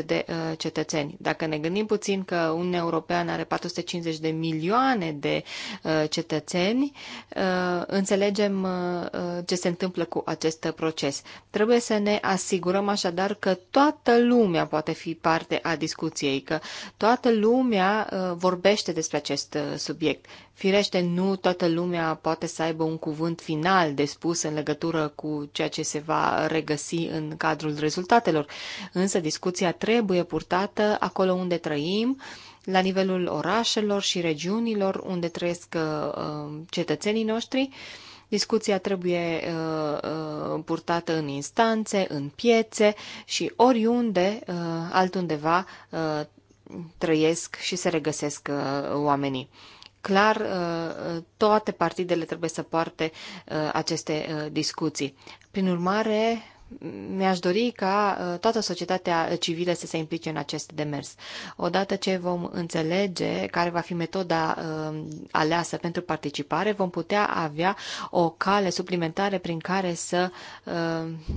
1200-1500 de uh, cetățeni. Dacă ne gândim puțin că Uniunea Europeană are 450 de milioane de uh, cetățeni, uh, înțelegem uh, uh, ce se întâmplă cu acest proces. Trebuie să ne asigurăm așadar că toată lumea poate fi parte a discuției, că toată lumea uh, vorbește despre acest uh, subiect. Firește, nu toată lumea poate să aibă un cuvânt final de spus în legătură cu ceea ce se va regăsi în cadrul rezultatelor, însă discuția trebuie purtată acolo unde trăim, la nivelul orașelor și regiunilor unde trăiesc uh, uh, cetățenii noștri. Discuția trebuie uh, purtată în instanțe, în piețe și oriunde altundeva trăiesc și se regăsesc oamenii clar uh, uh, toate partidele trebuie să poarte uh, aceste discuții. Prin urmare, mi-aș dori ca ă, toată societatea civilă să se implice în acest demers. Odată ce vom înțelege care va fi metoda ă, aleasă pentru participare, vom putea avea o cale suplimentare prin care să ă,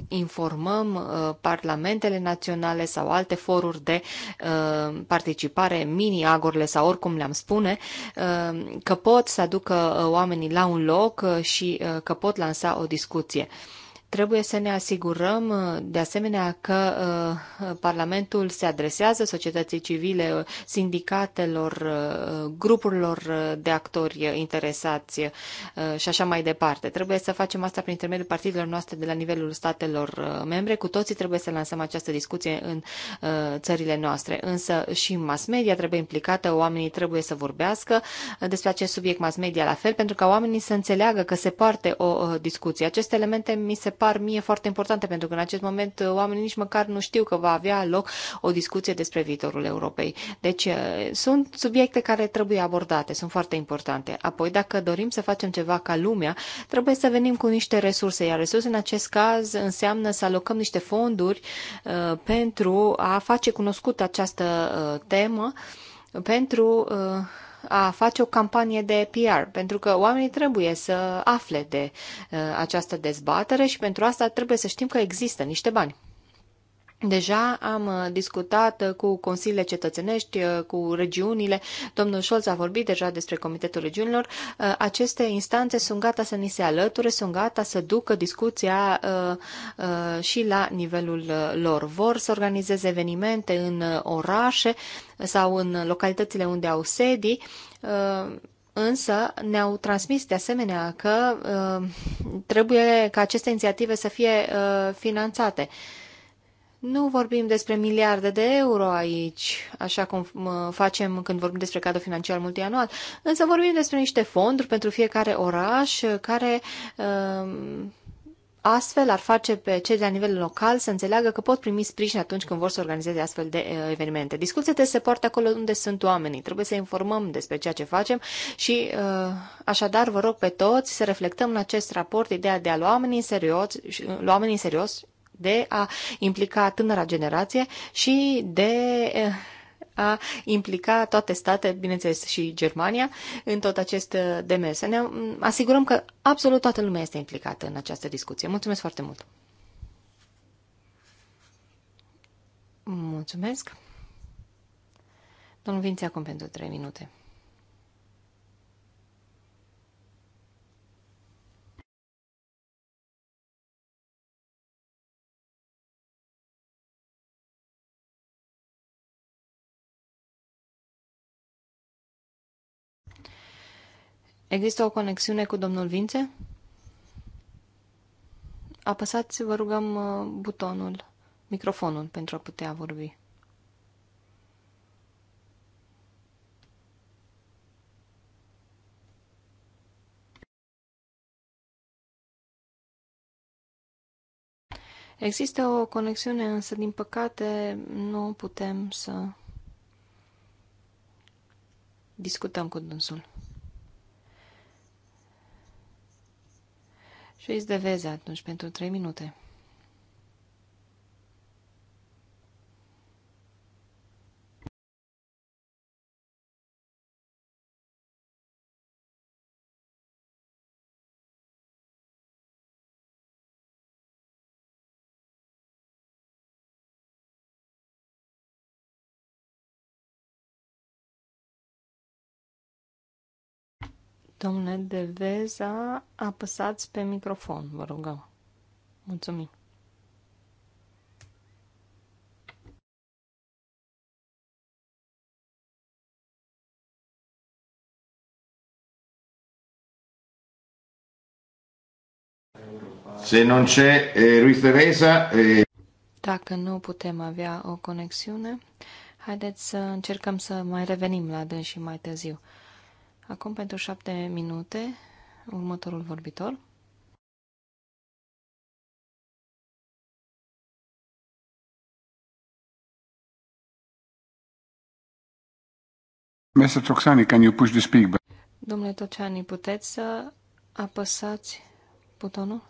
informăm parlamentele naționale sau alte foruri de participare, mini agurile sau oricum le-am spune, că pot să aducă oamenii la un loc și că pot lansa o discuție. Trebuie să ne asigurăm, uh, de asemenea, că uh, Parlamentul se adresează societății civile, uh, sindicatelor, grupurilor de actori interesați și așa mai departe. Trebuie să facem asta prin intermediul partidelor noastre de la nivelul statelor membre. Cu toții trebuie să lansăm această discuție în țările noastre. Însă și mass media trebuie implicată, oamenii trebuie să vorbească despre acest subiect mass media la fel, pentru ca oamenii să înțeleagă că se poartă o discuție. Aceste elemente mi se par mie foarte importante, pentru că în acest moment uh, oamenii nici măcar nu știu că va avea loc o discuție despre viitorul Europei. Deci uh, sunt subiecte care trebuie abordate, sunt foarte importante. Apoi, dacă dorim să facem ceva ca lumea, trebuie să venim cu niște resurse, iar resurse în acest caz înseamnă să alocăm niște fonduri uh, pentru a face cunoscută această uh, temă, pentru uh, a face o campanie de PR, pentru că oamenii trebuie să afle de uh, această dezbatere și pentru asta trebuie să știm că există niște bani. Deja am uh, discutat uh, cu consiliile cetățenești, uh, cu regiunile. Domnul Scholz a vorbit deja despre Comitetul Regiunilor. Aceste instanțe sunt gata să ni se alăture, sunt gata să ducă discuția și la nivelul lor. Vor să organizeze evenimente în orașe sau în localitățile unde au sedii. Însă ne-au transmis de asemenea că trebuie ca aceste inițiative să fie finanțate. Uh, nu vorbim despre miliarde de euro aici, așa cum facem când vorbim despre cadrul financiar multianual, însă vorbim despre niște fonduri pentru fiecare oraș care um, astfel ar face pe cei de la nivel local să înțeleagă că pot primi sprijin atunci când vor să organizeze astfel de uh, evenimente. Discuțiile se poartă acolo unde sunt oamenii. Trebuie să informăm despre ceea ce facem și uh, așadar vă rog pe toți să reflectăm în acest raport ideea de a lua oamenii în serios, uh, lua oamenii în serios de a implica tânăra generație și de eh, a implica toate state, bineînțeles și Germania, în tot acest eh, demers. Să ne mm, asigurăm că absolut toată lumea este implicată în această discuție. Mulțumesc foarte mult! Mulțumesc! Domnul Vințe acum pentru 3 minute. Există o conexiune cu domnul Vințe? Apăsați, vă rugăm, uh, butonul, microfonul pentru a putea vorbi. Există o conexiune, însă, din păcate, nu putem să discutăm cu dânsul. Și îi zdevezi atunci pentru 3 minute. Domnule Deveza, apăsați pe microfon, vă rugăm. Mulțumim. Se non c'è eh, Ruiz de Eh... Dacă nu putem avea o conexiune, haideți să încercăm să mai revenim la dâns și mai târziu. Acum, pentru șapte minute, următorul vorbitor. Mr. Toxani, can you push the speak button? Domnule Toxani, puteți să apăsați butonul?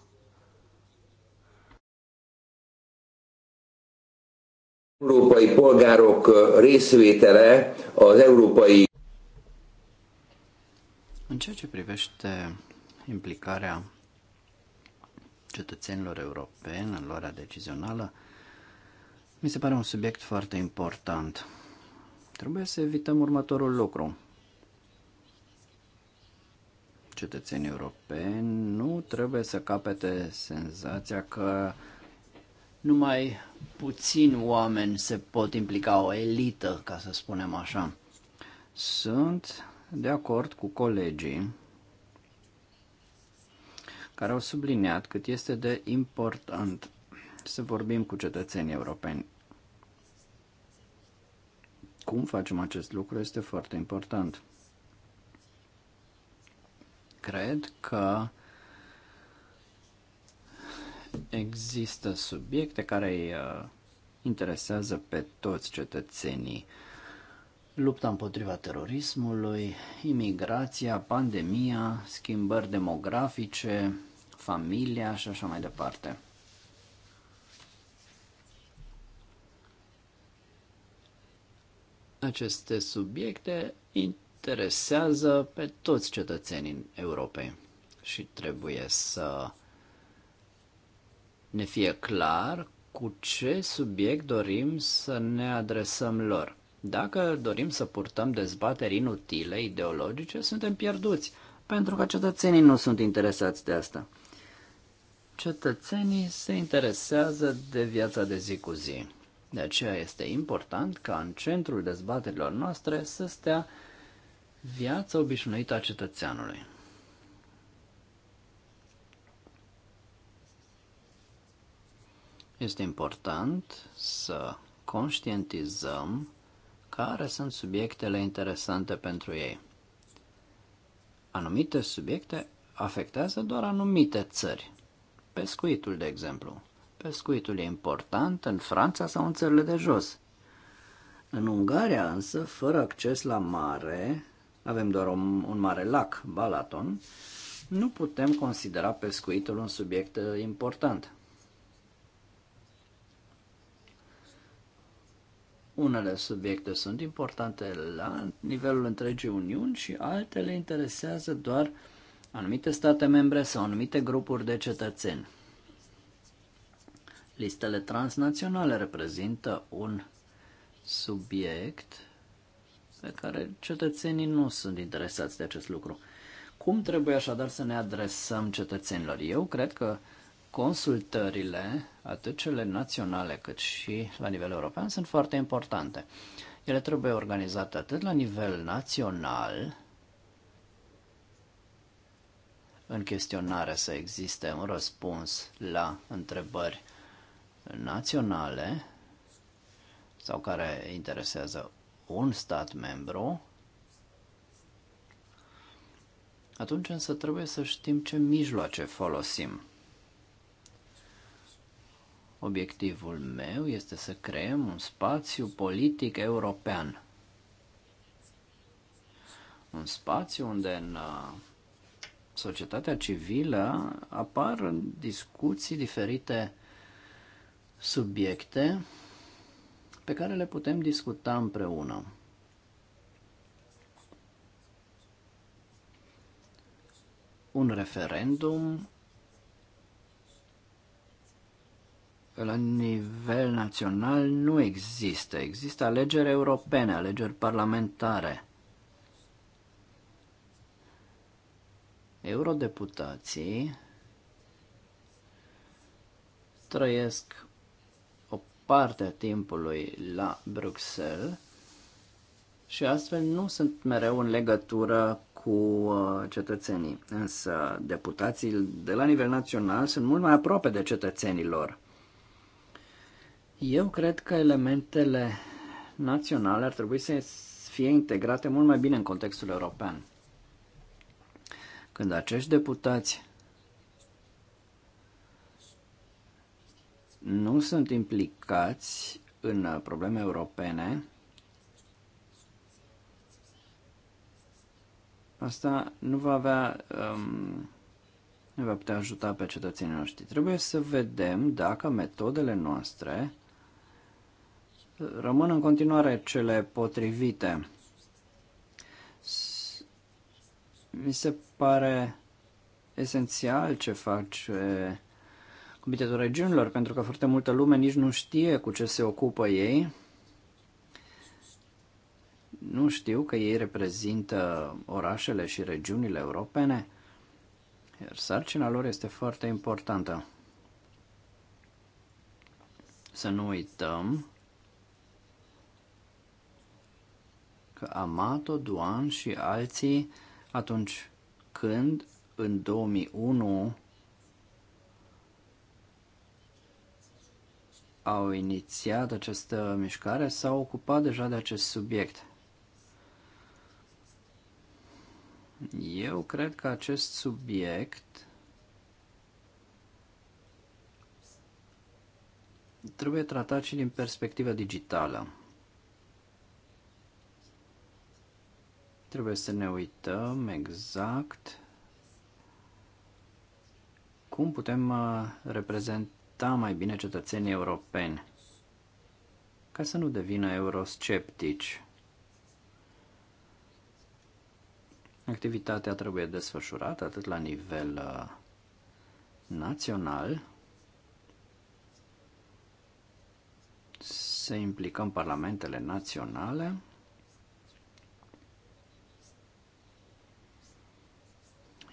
Európai polgárok részvétele az európai în ceea ce privește implicarea cetățenilor europeni în luarea decizională, mi se pare un subiect foarte important. Trebuie să evităm următorul lucru. Cetățenii europeni nu trebuie să capete senzația că numai puțini oameni se pot implica, o elită, ca să spunem așa. Sunt de acord cu colegii care au subliniat cât este de important să vorbim cu cetățenii europeni. Cum facem acest lucru este foarte important. Cred că există subiecte care îi uh, interesează pe toți cetățenii lupta împotriva terorismului, imigrația, pandemia, schimbări demografice, familia și așa mai departe. Aceste subiecte interesează pe toți cetățenii Europei și trebuie să ne fie clar cu ce subiect dorim să ne adresăm lor. Dacă dorim să purtăm dezbateri inutile, ideologice, suntem pierduți, pentru că cetățenii nu sunt interesați de asta. Cetățenii se interesează de viața de zi cu zi. De aceea este important ca în centrul dezbaterilor noastre să stea viața obișnuită a cetățeanului. Este important să conștientizăm care sunt subiectele interesante pentru ei. Anumite subiecte afectează doar anumite țări. Pescuitul, de exemplu. Pescuitul e important în Franța sau în țările de jos. În Ungaria, însă, fără acces la mare, avem doar un, un mare lac, Balaton, nu putem considera pescuitul un subiect eh, important. Unele subiecte sunt importante la nivelul întregii Uniuni și altele interesează doar anumite state membre sau anumite grupuri de cetățeni. Listele transnaționale reprezintă un subiect pe care cetățenii nu sunt interesați de acest lucru. Cum trebuie așadar să ne adresăm cetățenilor? Eu cred că uh, consultările, atât cele naționale cât și la nivel european, sunt foarte importante. Ele trebuie organizate atât la nivel național, în chestionare să existe un răspuns la întrebări naționale sau care interesează un stat membru, atunci însă trebuie să știm ce mijloace folosim. Obiectivul meu este să creăm un spațiu politic european. Un spațiu unde în uh, societatea civilă apar în discuții diferite subiecte pe care le putem discuta împreună. Un referendum la nivel național nu există. Există alegeri europene, alegeri parlamentare. Eurodeputații trăiesc o parte a timpului la Bruxelles și astfel nu sunt mereu în legătură cu uh, cetățenii. Însă deputații de la nivel național sunt mult mai aproape de cetățenilor. Eu cred că elementele naționale ar trebui să fie integrate mult mai bine în contextul european. Când acești deputați nu sunt implicați în probleme europene, asta nu va avea, um, nu va putea ajuta pe cetățenii noștri. Trebuie să vedem dacă metodele noastre rămân în continuare cele potrivite. Mi se pare esențial ce face Comitetul Regiunilor, pentru că foarte multă lume nici nu știe cu ce se ocupă ei. Nu știu că ei reprezintă orașele și regiunile europene, iar sarcina lor este foarte importantă. Să nu uităm că Amato, Duan și alții, atunci când în 2001 au inițiat această mișcare, s-au ocupat deja de acest subiect. Eu cred că acest subiect trebuie tratat și din perspectiva digitală. Trebuie să ne uităm exact cum putem uh, reprezenta mai bine cetățenii europeni ca să nu devină eurosceptici. Activitatea trebuie desfășurată atât la nivel uh, național, să implicăm parlamentele naționale,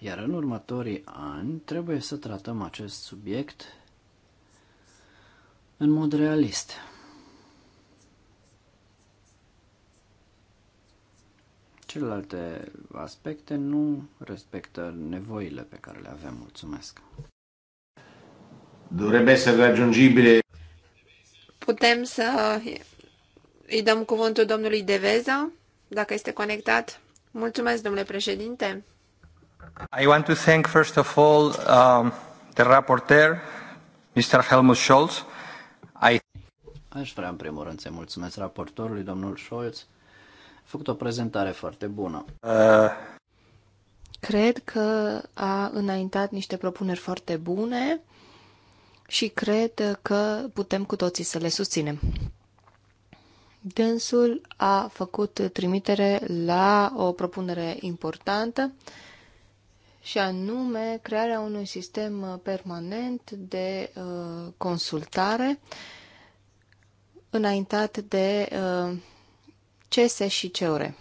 Iar în următorii ani trebuie să tratăm acest subiect în mod realist. Celelalte aspecte nu respectă nevoile pe care le avem. Mulțumesc. Dovrebbe essere raggiungibile. Putem să îi dăm cuvântul domnului Deveza, dacă este conectat. Mulțumesc, domnule președinte. I want to thank first of all um, the rapporteur, Mr. Helmut Scholz. I... Aș vrea în primul rând să mulțumesc raportorului, domnul Scholz. A făcut o prezentare foarte bună. Uh... Cred că a înaintat niște propuneri foarte bune și cred că putem cu toții să le susținem. Dânsul a făcut trimitere la o propunere importantă uh, și anume crearea unui sistem uh, permanent de uh, consultare înaintat de uh, CS și CEURE.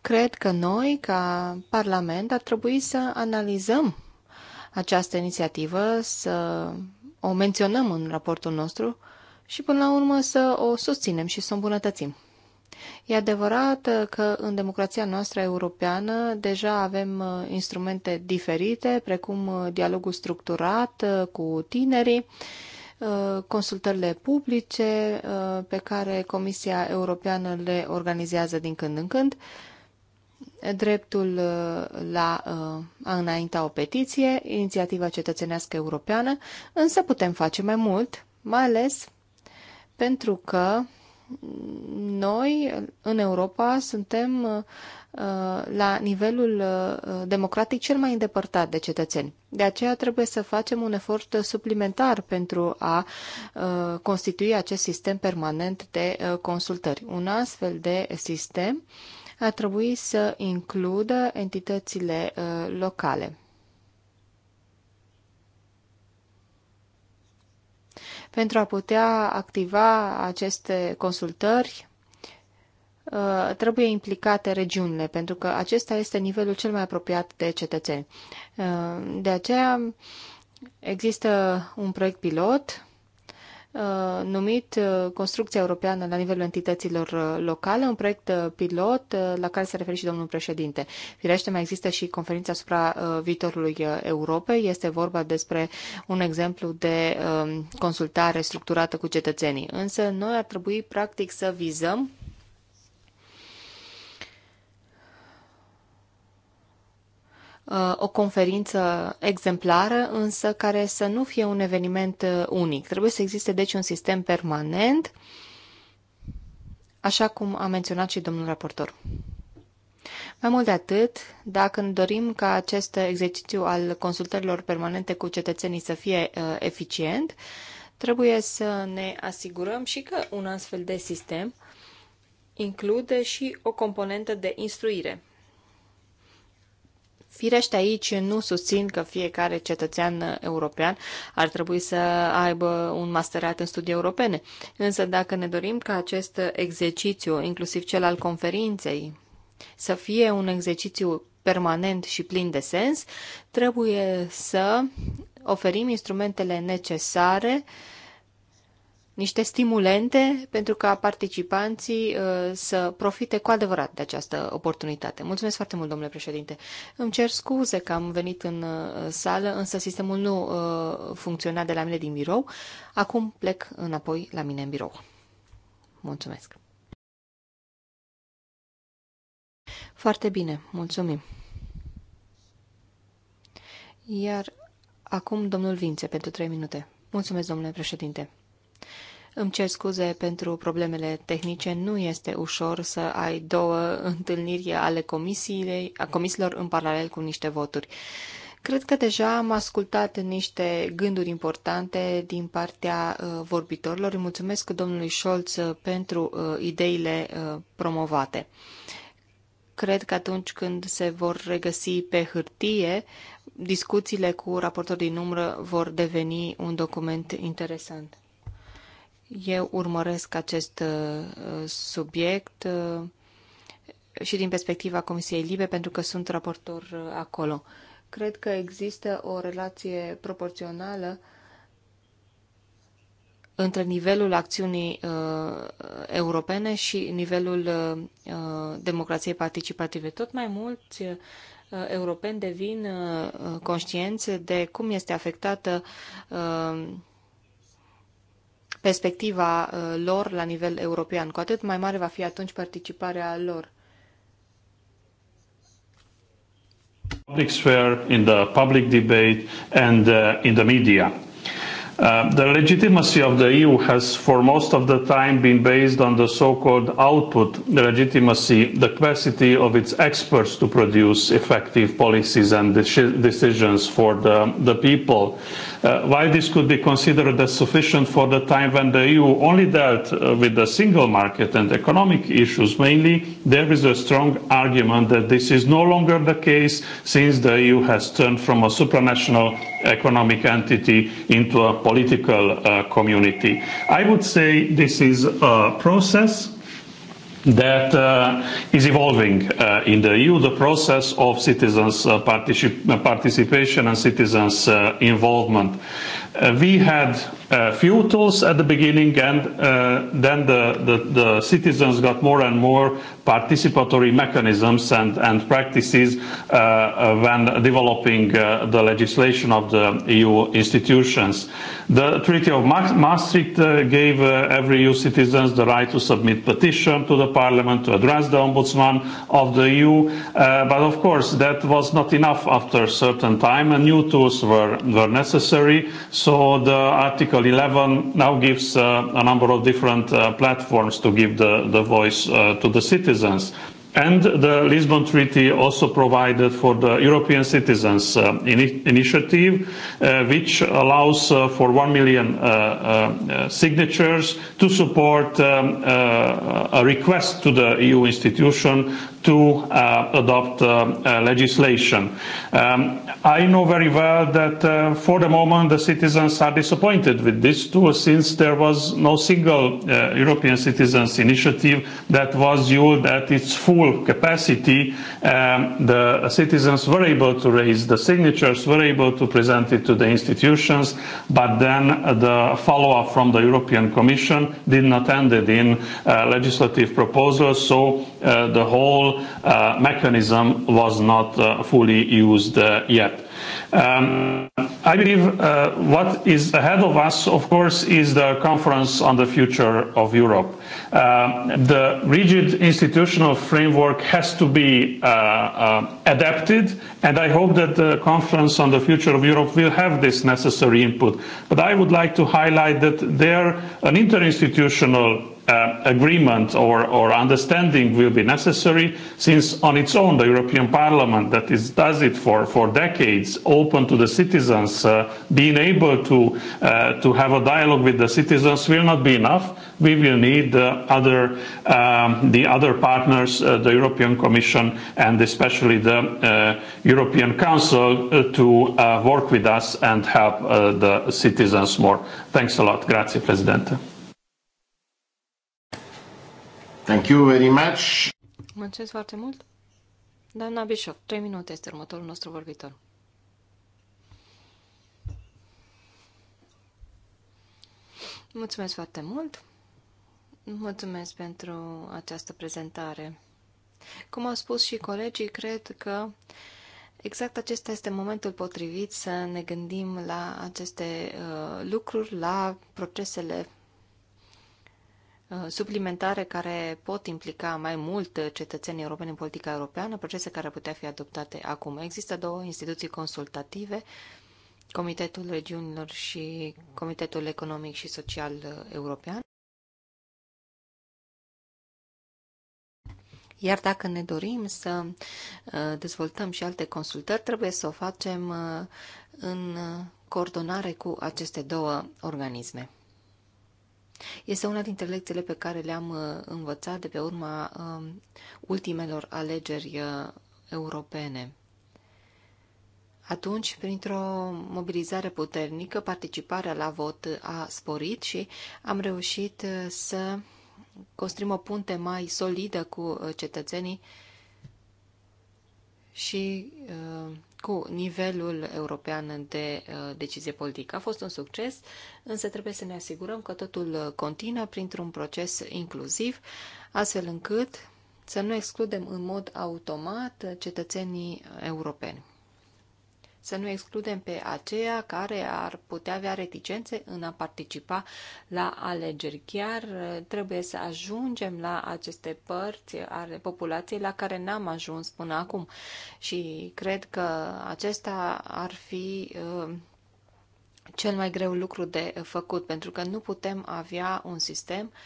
Cred că noi, ca Parlament, ar trebui să analizăm această inițiativă, să o menționăm în raportul nostru și, până la urmă, să o susținem și să o îmbunătățim. E adevărat uh, că în democrația noastră europeană deja avem uh, instrumente diferite, precum uh, dialogul structurat cu tinerii, consultările publice pe care Comisia Europeană le organizează din când în când, dreptul la a înainta o petiție, inițiativa cetățenească europeană, însă putem face mai mult, mai ales pentru că noi, în Europa, suntem uh, la nivelul uh, democratic cel mai îndepărtat de cetățeni. De aceea trebuie să facem un efort suplimentar pentru a uh, constitui acest sistem permanent de consultări. Un astfel de sistem ar trebui să includă entitățile locale pentru a putea activa aceste consultări, uh, trebuie implicate regiunile, pentru că acesta este nivelul cel mai apropiat de cetățeni. Uh, de aceea există un proiect pilot Uh, numit uh, Construcția Europeană la nivelul entităților uh, locale, un proiect pilot la care se referi și domnul președinte. Firește, mai există și conferința asupra viitorului Europei. Este vorba despre un exemplu de um, consultare structurată cu cetățenii. Însă noi ar trebui, practic, să vizăm Uh, o conferință exemplară, însă care să nu fie un eveniment uh, unic. Trebuie să existe deci un sistem permanent, așa cum a menționat și domnul raportor. Mai mult de atât, dacă ne dorim ca acest exercițiu al consultărilor permanente cu cetățenii să fie uh, eficient, trebuie să ne asigurăm și că un astfel de sistem include și o componentă de instruire. Firește aici nu susțin că fiecare cetățean european ar trebui să aibă un masterat în studii europene, însă dacă ne dorim ca acest exercițiu, inclusiv cel al conferinței, să fie un exercițiu permanent și plin de sens, trebuie să oferim instrumentele necesare uh, niște stimulente pentru ca participanții uh, să profite cu adevărat de această oportunitate. Mulțumesc foarte mult, domnule președinte. Îmi cer scuze că am venit în uh, sală, însă sistemul nu uh, funcționa de la mine din birou. Acum plec înapoi la mine în birou. Mulțumesc. Foarte bine, mulțumim. Iar acum domnul Vințe pentru trei minute. Mulțumesc, domnule președinte. Îmi cer scuze pentru problemele tehnice. Nu este ușor să ai două întâlniri ale comisiei, a comisiilor în paralel cu niște voturi. Cred că deja am ascultat niște gânduri importante din partea uh, vorbitorilor. Îi mulțumesc domnului Scholz uh, pentru uh, ideile promovate. Cred că atunci când se vor regăsi pe hârtie, discuțiile cu raportorii din umbră vor deveni un document interesant. Eu urmăresc acest uh, subiect uh, și din perspectiva Comisiei Libe, pentru că sunt raportor uh, acolo. Cred că există o relație proporțională între nivelul acțiunii uh, europene și nivelul uh, democrației participative. Tot mai mulți uh, europeni devin uh, conștienți de cum este afectată uh, perspectiva uh, lor la nivel european. Cu atât mai mare va fi atunci participarea lor. public sphere, in the public debate, and uh, in the media. Uh, the legitimacy of the EU has, for most of the time, been based on the so-called output legitimacy, the capacity of its experts to produce effective policies and de deci-, decisions for the, the people. Uh, while this could be considered as sufficient for the time when the EU only dealt uh, with the single market and economic issues mainly, there is a strong argument that this is no longer the case since the EU has turned from a supranational economic entity into a political uh, community. I would say this is a process that uh, is evolving uh, in the EU, the process of citizens' uh, particip- participation and citizens' uh, involvement. Uh, we had a uh, few tools at the beginning and uh, then the, the, the citizens got more and more participatory mechanisms and, and practices uh, uh when developing uh, the legislation of the EU institutions. The Treaty of Maastricht uh, gave uh, every EU citizens the right to submit petition to the Parliament to address the Ombudsman of the EU, uh, but of course that was not enough after a certain time and new tools were, were necessary. So So the Article 11 now gives uh, a number of different uh, platforms to give the, the voice uh, to the citizens. And the Lisbon Treaty also provided for the European Citizens uh, in Initiative, uh, which allows uh, for one million uh, uh, signatures to support um, uh, a request to the EU institution to uh, adopt uh, uh, legislation. Um, I know very well that for the moment the citizens are disappointed with this tool since there was no single European citizens initiative that was used at its full capacity. Um, the citizens were able to raise the signatures, were able to present it to the institutions, but then the follow-up from the European Commission did not end in uh, legislative proposals, so uh, the whole uh, mechanism was not uh, fully used uh, yet. Um, I believe uh, what is ahead of us, of course, is the conference on the future of Europe. Uh, the rigid institutional framework has to be uh, uh, adapted, and I hope that the conference on the future of Europe will have this necessary input. But I would like to highlight that there an interinstitutional uh, agreement or, or understanding will be necessary, since on its own the European Parliament, that is, does it for, for decades, open to the citizens, uh, being able to, uh, to have a dialogue with the citizens will not be enough. We will need uh, other, um, the other partners, uh, the European Commission and especially the uh, European Council uh, to uh, work with us and help uh, the citizens more. Thanks a lot. Grazie, Presidente. Thank you very much. Mulțumesc foarte mult. Doamna Bishop, Trei minute este următorul nostru vorbitor. Mulțumesc foarte mult. Mulțumesc pentru această prezentare. Cum au spus și colegii, cred că exact acesta este momentul potrivit să ne gândim la aceste uh, lucruri, la procesele Uh, suplimentare care pot implica mai mult cetățenii europeni în politica europeană, procese care putea fi adoptate acum. Există două instituții consultative, Comitetul Regiunilor și Comitetul Economic și Social European. Iar dacă ne dorim să uh, dezvoltăm și alte consultări, trebuie să o facem uh, în coordonare cu aceste două organisme. Este una dintre lecțiile pe care le-am uh, învățat de pe urma um, ultimelor alegeri uh, europene. Atunci, printr-o mobilizare puternică, participarea la vot a sporit și am reușit uh, să construim o punte mai solidă cu cetățenii și cu nivelul european de uh, decizie politică. A fost un succes, însă trebuie să ne asigurăm că totul uh, continuă printr-un proces inclusiv, astfel încât să nu excludem în mod automat uh, cetățenii europeni să nu excludem pe aceia care ar putea avea reticențe în a participa la alegeri. Chiar uh, trebuie să ajungem la aceste părți ale populației la care n-am ajuns până acum. Și cred că acesta ar fi uh, cel mai greu lucru de făcut, pentru că nu putem avea un sistem uh,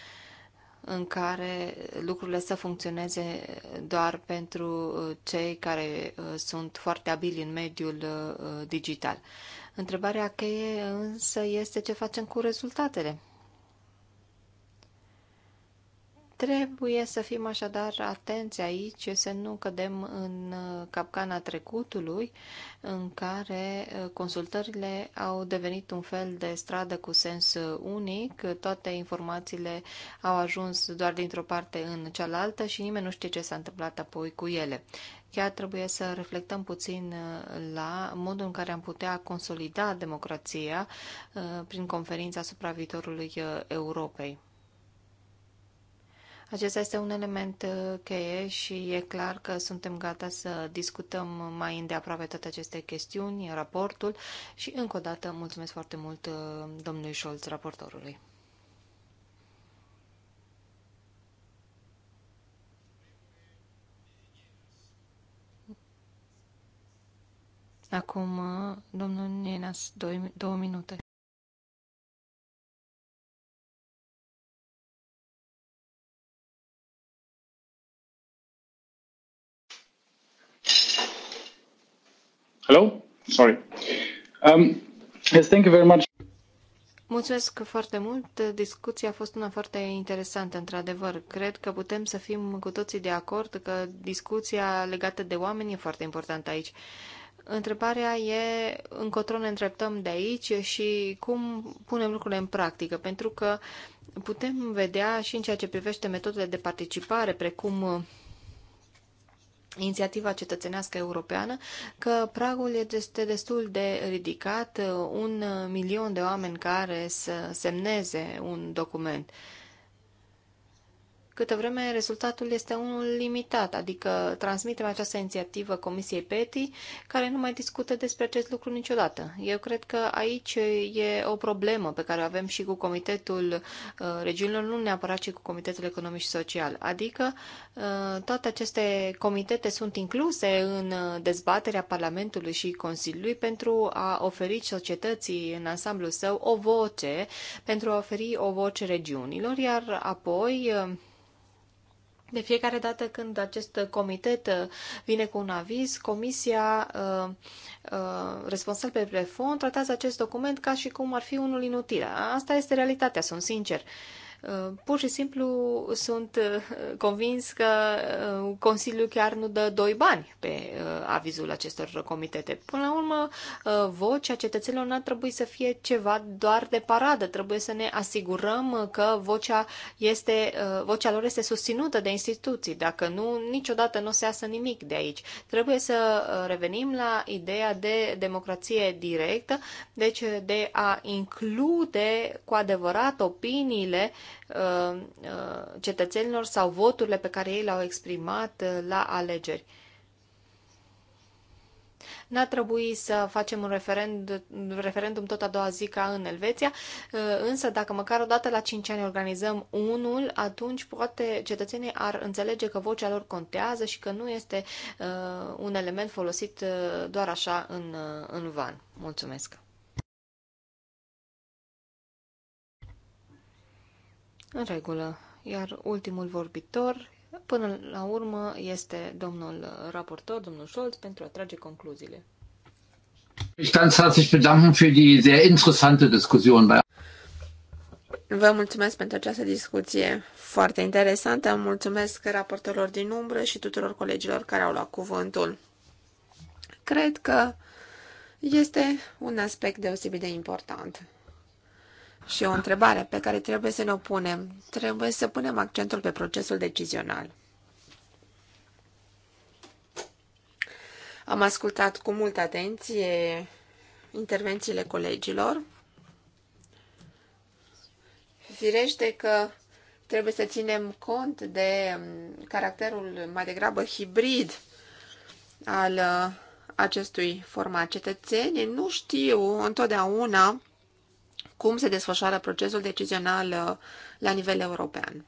în care lucrurile să funcționeze doar pentru uh, cei care uh, sunt foarte abili în mediul uh, digital. Întrebarea cheie însă este ce facem cu rezultatele. Trebuie să fim așadar atenți aici, să nu cădem în uh, capcana trecutului, în care uh, consultările au devenit un fel de stradă cu sens uh, unic, toate informațiile au ajuns doar dintr-o parte în cealaltă și nimeni nu știe ce s-a întâmplat apoi cu ele. Chiar trebuie să reflectăm puțin la modul în care am putea consolida democrația prin conferința asupra viitorului Europei. Acesta este un element uh, cheie și e clar că suntem gata să discutăm mai îndeaproape toate aceste chestiuni, raportul și încă o dată mulțumesc foarte mult uh, domnului Scholz, raportorului. Acum, uh, domnul Nenas, două, două minute. Hello? Sorry. Um, yes, thank you very much. Mulțumesc foarte mult. Discuția a fost una foarte interesantă, într-adevăr. Cred că putem să fim cu toții de acord că discuția legată de oameni e foarte importantă aici. Întrebarea e încotro ne îndreptăm de aici și cum punem lucrurile în practică, pentru că putem vedea și în ceea ce privește metodele de participare, precum inițiativa cetățenească europeană că pragul este destul de ridicat, un milion de oameni care să semneze un document. Uh, Câtă vreme rezultatul este unul limitat, adică transmitem această inițiativă Comisiei PETI, care nu mai discută despre acest lucru niciodată. Eu cred că aici e o problemă pe care o avem și cu Comitetul uh, Regiunilor, nu neapărat și cu Comitetul Economic și Social. Adică uh, toate aceste comitete sunt incluse în uh, dezbaterea Parlamentului și Consiliului pentru a oferi societății în ansamblul său o voce, pentru a oferi o voce regiunilor, iar apoi de fiecare dată când acest comitet uh, vine cu un aviz, comisia uh, uh, responsabilă pe fond tratează acest document ca și cum ar fi unul inutil. Asta este realitatea, sunt sincer. Uh, pur și simplu sunt uh, convins că uh, Consiliul chiar nu dă doi bani pe avizul acestor comitete. Până la urmă, vocea cetățenilor nu ar trebui să fie ceva doar de paradă. Trebuie să ne asigurăm că vocea, este, vocea lor este susținută de instituții. Dacă nu, niciodată nu se iasă nimic de aici. Trebuie să revenim la ideea de democrație directă, deci de a include cu adevărat opiniile uh, Uh, uh, cetățenilor sau voturile pe care ei le-au exprimat uh, la alegeri. N-a trebuit să facem un referend, referendum tot a doua zi ca în Elveția, însă dacă măcar o dată la 5 ani organizăm unul, atunci poate cetățenii ar înțelege că vocea lor contează și că nu este un element folosit doar așa în, în van. Mulțumesc! În regulă. Iar ultimul vorbitor, până la urmă, este domnul raportor, domnul Scholz, pentru a trage concluziile. Vă mulțumesc pentru această discuție foarte interesantă. Mulțumesc raportorilor din umbră și tuturor colegilor care au luat cuvântul. Cred că este un aspect deosebit de important și o întrebare pe care trebuie să ne o punem. Trebuie să punem accentul pe procesul decizional. Am ascultat cu multă atenție intervențiile colegilor. Firește că trebuie să ținem cont de um, caracterul mai degrabă hibrid al uh, acestui format. Cetățenii nu știu întotdeauna cum se desfășoară procesul decizional uh, la nivel european.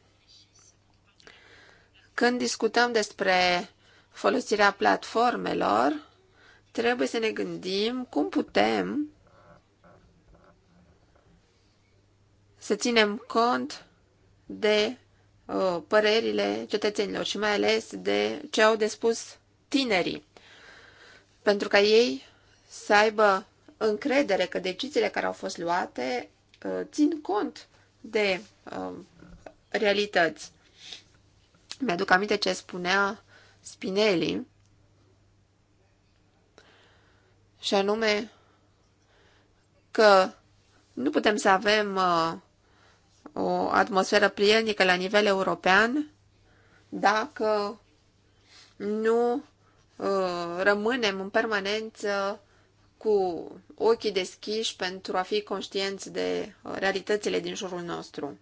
Când discutăm despre folosirea platformelor, trebuie să ne gândim cum putem să ținem cont de uh, părerile cetățenilor și mai ales de ce au de spus tinerii, pentru ca ei să aibă încredere că deciziile care au fost luate uh, țin cont de uh, realități. Mi-aduc aminte ce spunea Spinelli, și anume că nu putem să avem uh, o atmosferă prielnică la nivel european dacă nu rămânem în permanență cu ochii deschiși pentru a fi conștienți de uh, realitățile din jurul nostru.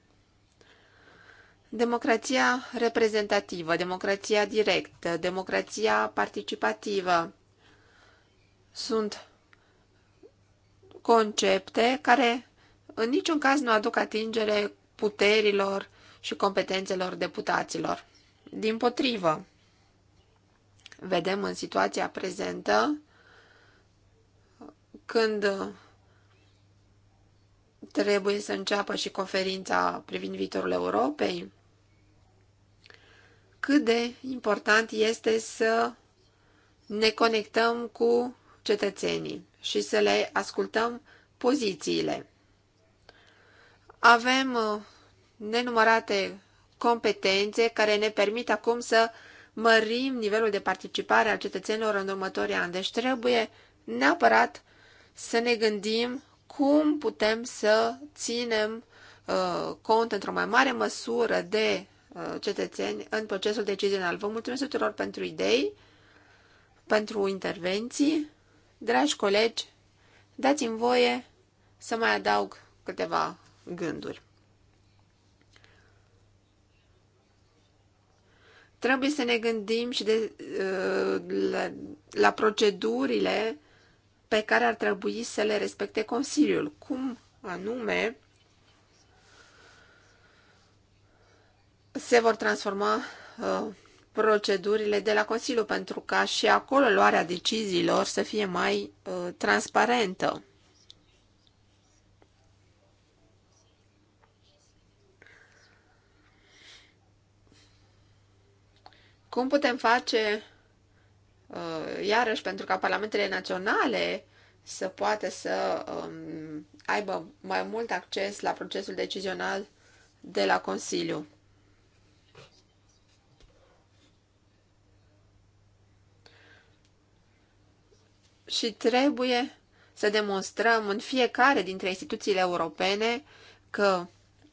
Democrația reprezentativă, democrația directă, democrația participativă sunt concepte care în niciun caz nu aduc atingere puterilor și competențelor deputaților. Din potrivă, vedem în situația prezentă când uh, trebuie să înceapă și conferința privind viitorul Europei, cât de important este să ne conectăm cu cetățenii și să le ascultăm pozițiile. Avem uh, nenumărate competențe care ne permit acum să mărim nivelul de participare al cetățenilor în următorii ani. Deci trebuie neapărat să ne gândim cum putem să ținem uh, cont într-o mai mare măsură de uh, cetățeni în procesul decizional. Vă mulțumesc tuturor pentru idei, pentru intervenții. Dragi colegi, dați-mi voie să mai adaug câteva gânduri. Trebuie să ne gândim și de, uh, la, la procedurile pe care ar trebui să le respecte Consiliul. Cum anume se vor transforma uh, procedurile de la Consiliu pentru ca și acolo luarea deciziilor să fie mai uh, transparentă. Cum putem face Uh, iarăși pentru ca parlamentele naționale să poată să um, aibă mai mult acces la procesul decizional de la Consiliu. Și trebuie să demonstrăm în fiecare dintre instituțiile europene că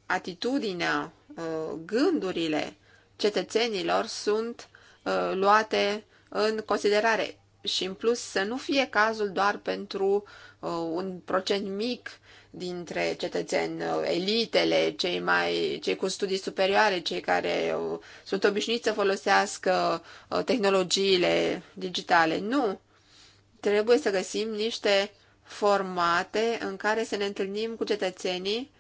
atitudinea, uh, gândurile cetățenilor sunt uh, luate în considerare și în plus să nu fie cazul doar pentru uh, un procent mic dintre cetățeni, uh, elitele, cei, mai, cei cu studii superioare, cei care uh, sunt obișnuiți să folosească uh, tehnologiile digitale. Nu! Trebuie să găsim niște formate în care să ne întâlnim cu cetățenii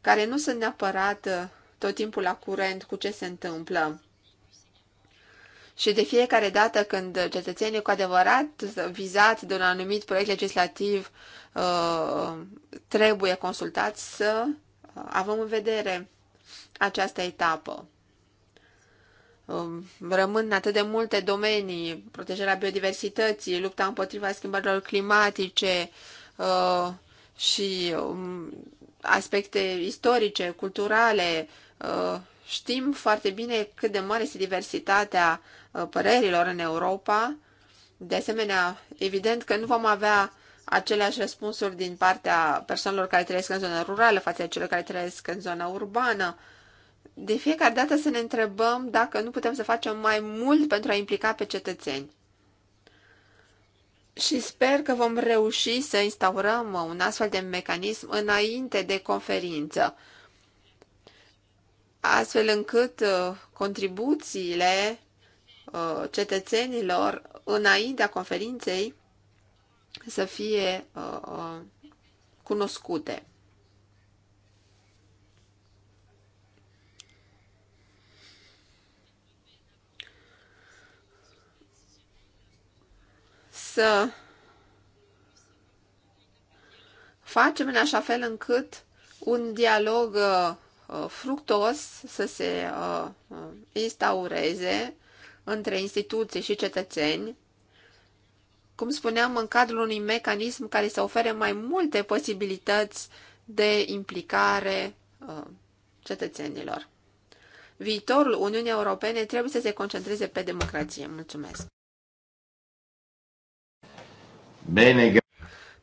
care nu sunt neapărat uh, tot timpul la curent cu ce se întâmplă și de fiecare dată când cetățenii cu adevărat vizați de un anumit proiect legislativ uh, trebuie consultați, să uh, avem în vedere această etapă. Um, rămân atât de multe domenii, protejarea biodiversității, lupta împotriva schimbărilor climatice uh, și um, aspecte istorice, culturale, Știm foarte bine cât de mare este diversitatea uh, părerilor în Europa. De asemenea, evident că nu vom avea aceleași răspunsuri din partea persoanelor care trăiesc în zona rurală față de celor care trăiesc în zona urbană. De fiecare dată să ne întrebăm dacă nu putem să facem mai mult pentru a implica pe cetățeni. Și sper că vom reuși să instaurăm un astfel de mecanism înainte de conferință astfel încât uh, contribuțiile uh, cetățenilor înaintea conferinței să fie uh, cunoscute. Să facem în așa fel încât un dialog Uh, fructos să se uh, uh, instaureze între instituții și cetățeni, cum spuneam, în cadrul unui mecanism care să ofere mai multe posibilități de implicare cetățenilor. Viitorul Uniunii Europene trebuie să se concentreze pe democrație. Mulțumesc! Bene,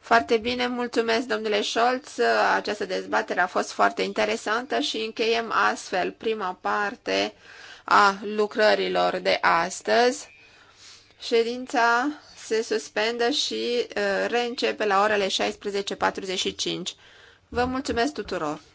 foarte bine, mulțumesc domnule Scholz. Această dezbatere a fost foarte interesantă și încheiem astfel prima parte a lucrărilor de astăzi. Ședința se suspendă și uh, reîncepe la orele 16.45. Vă mulțumesc tuturor!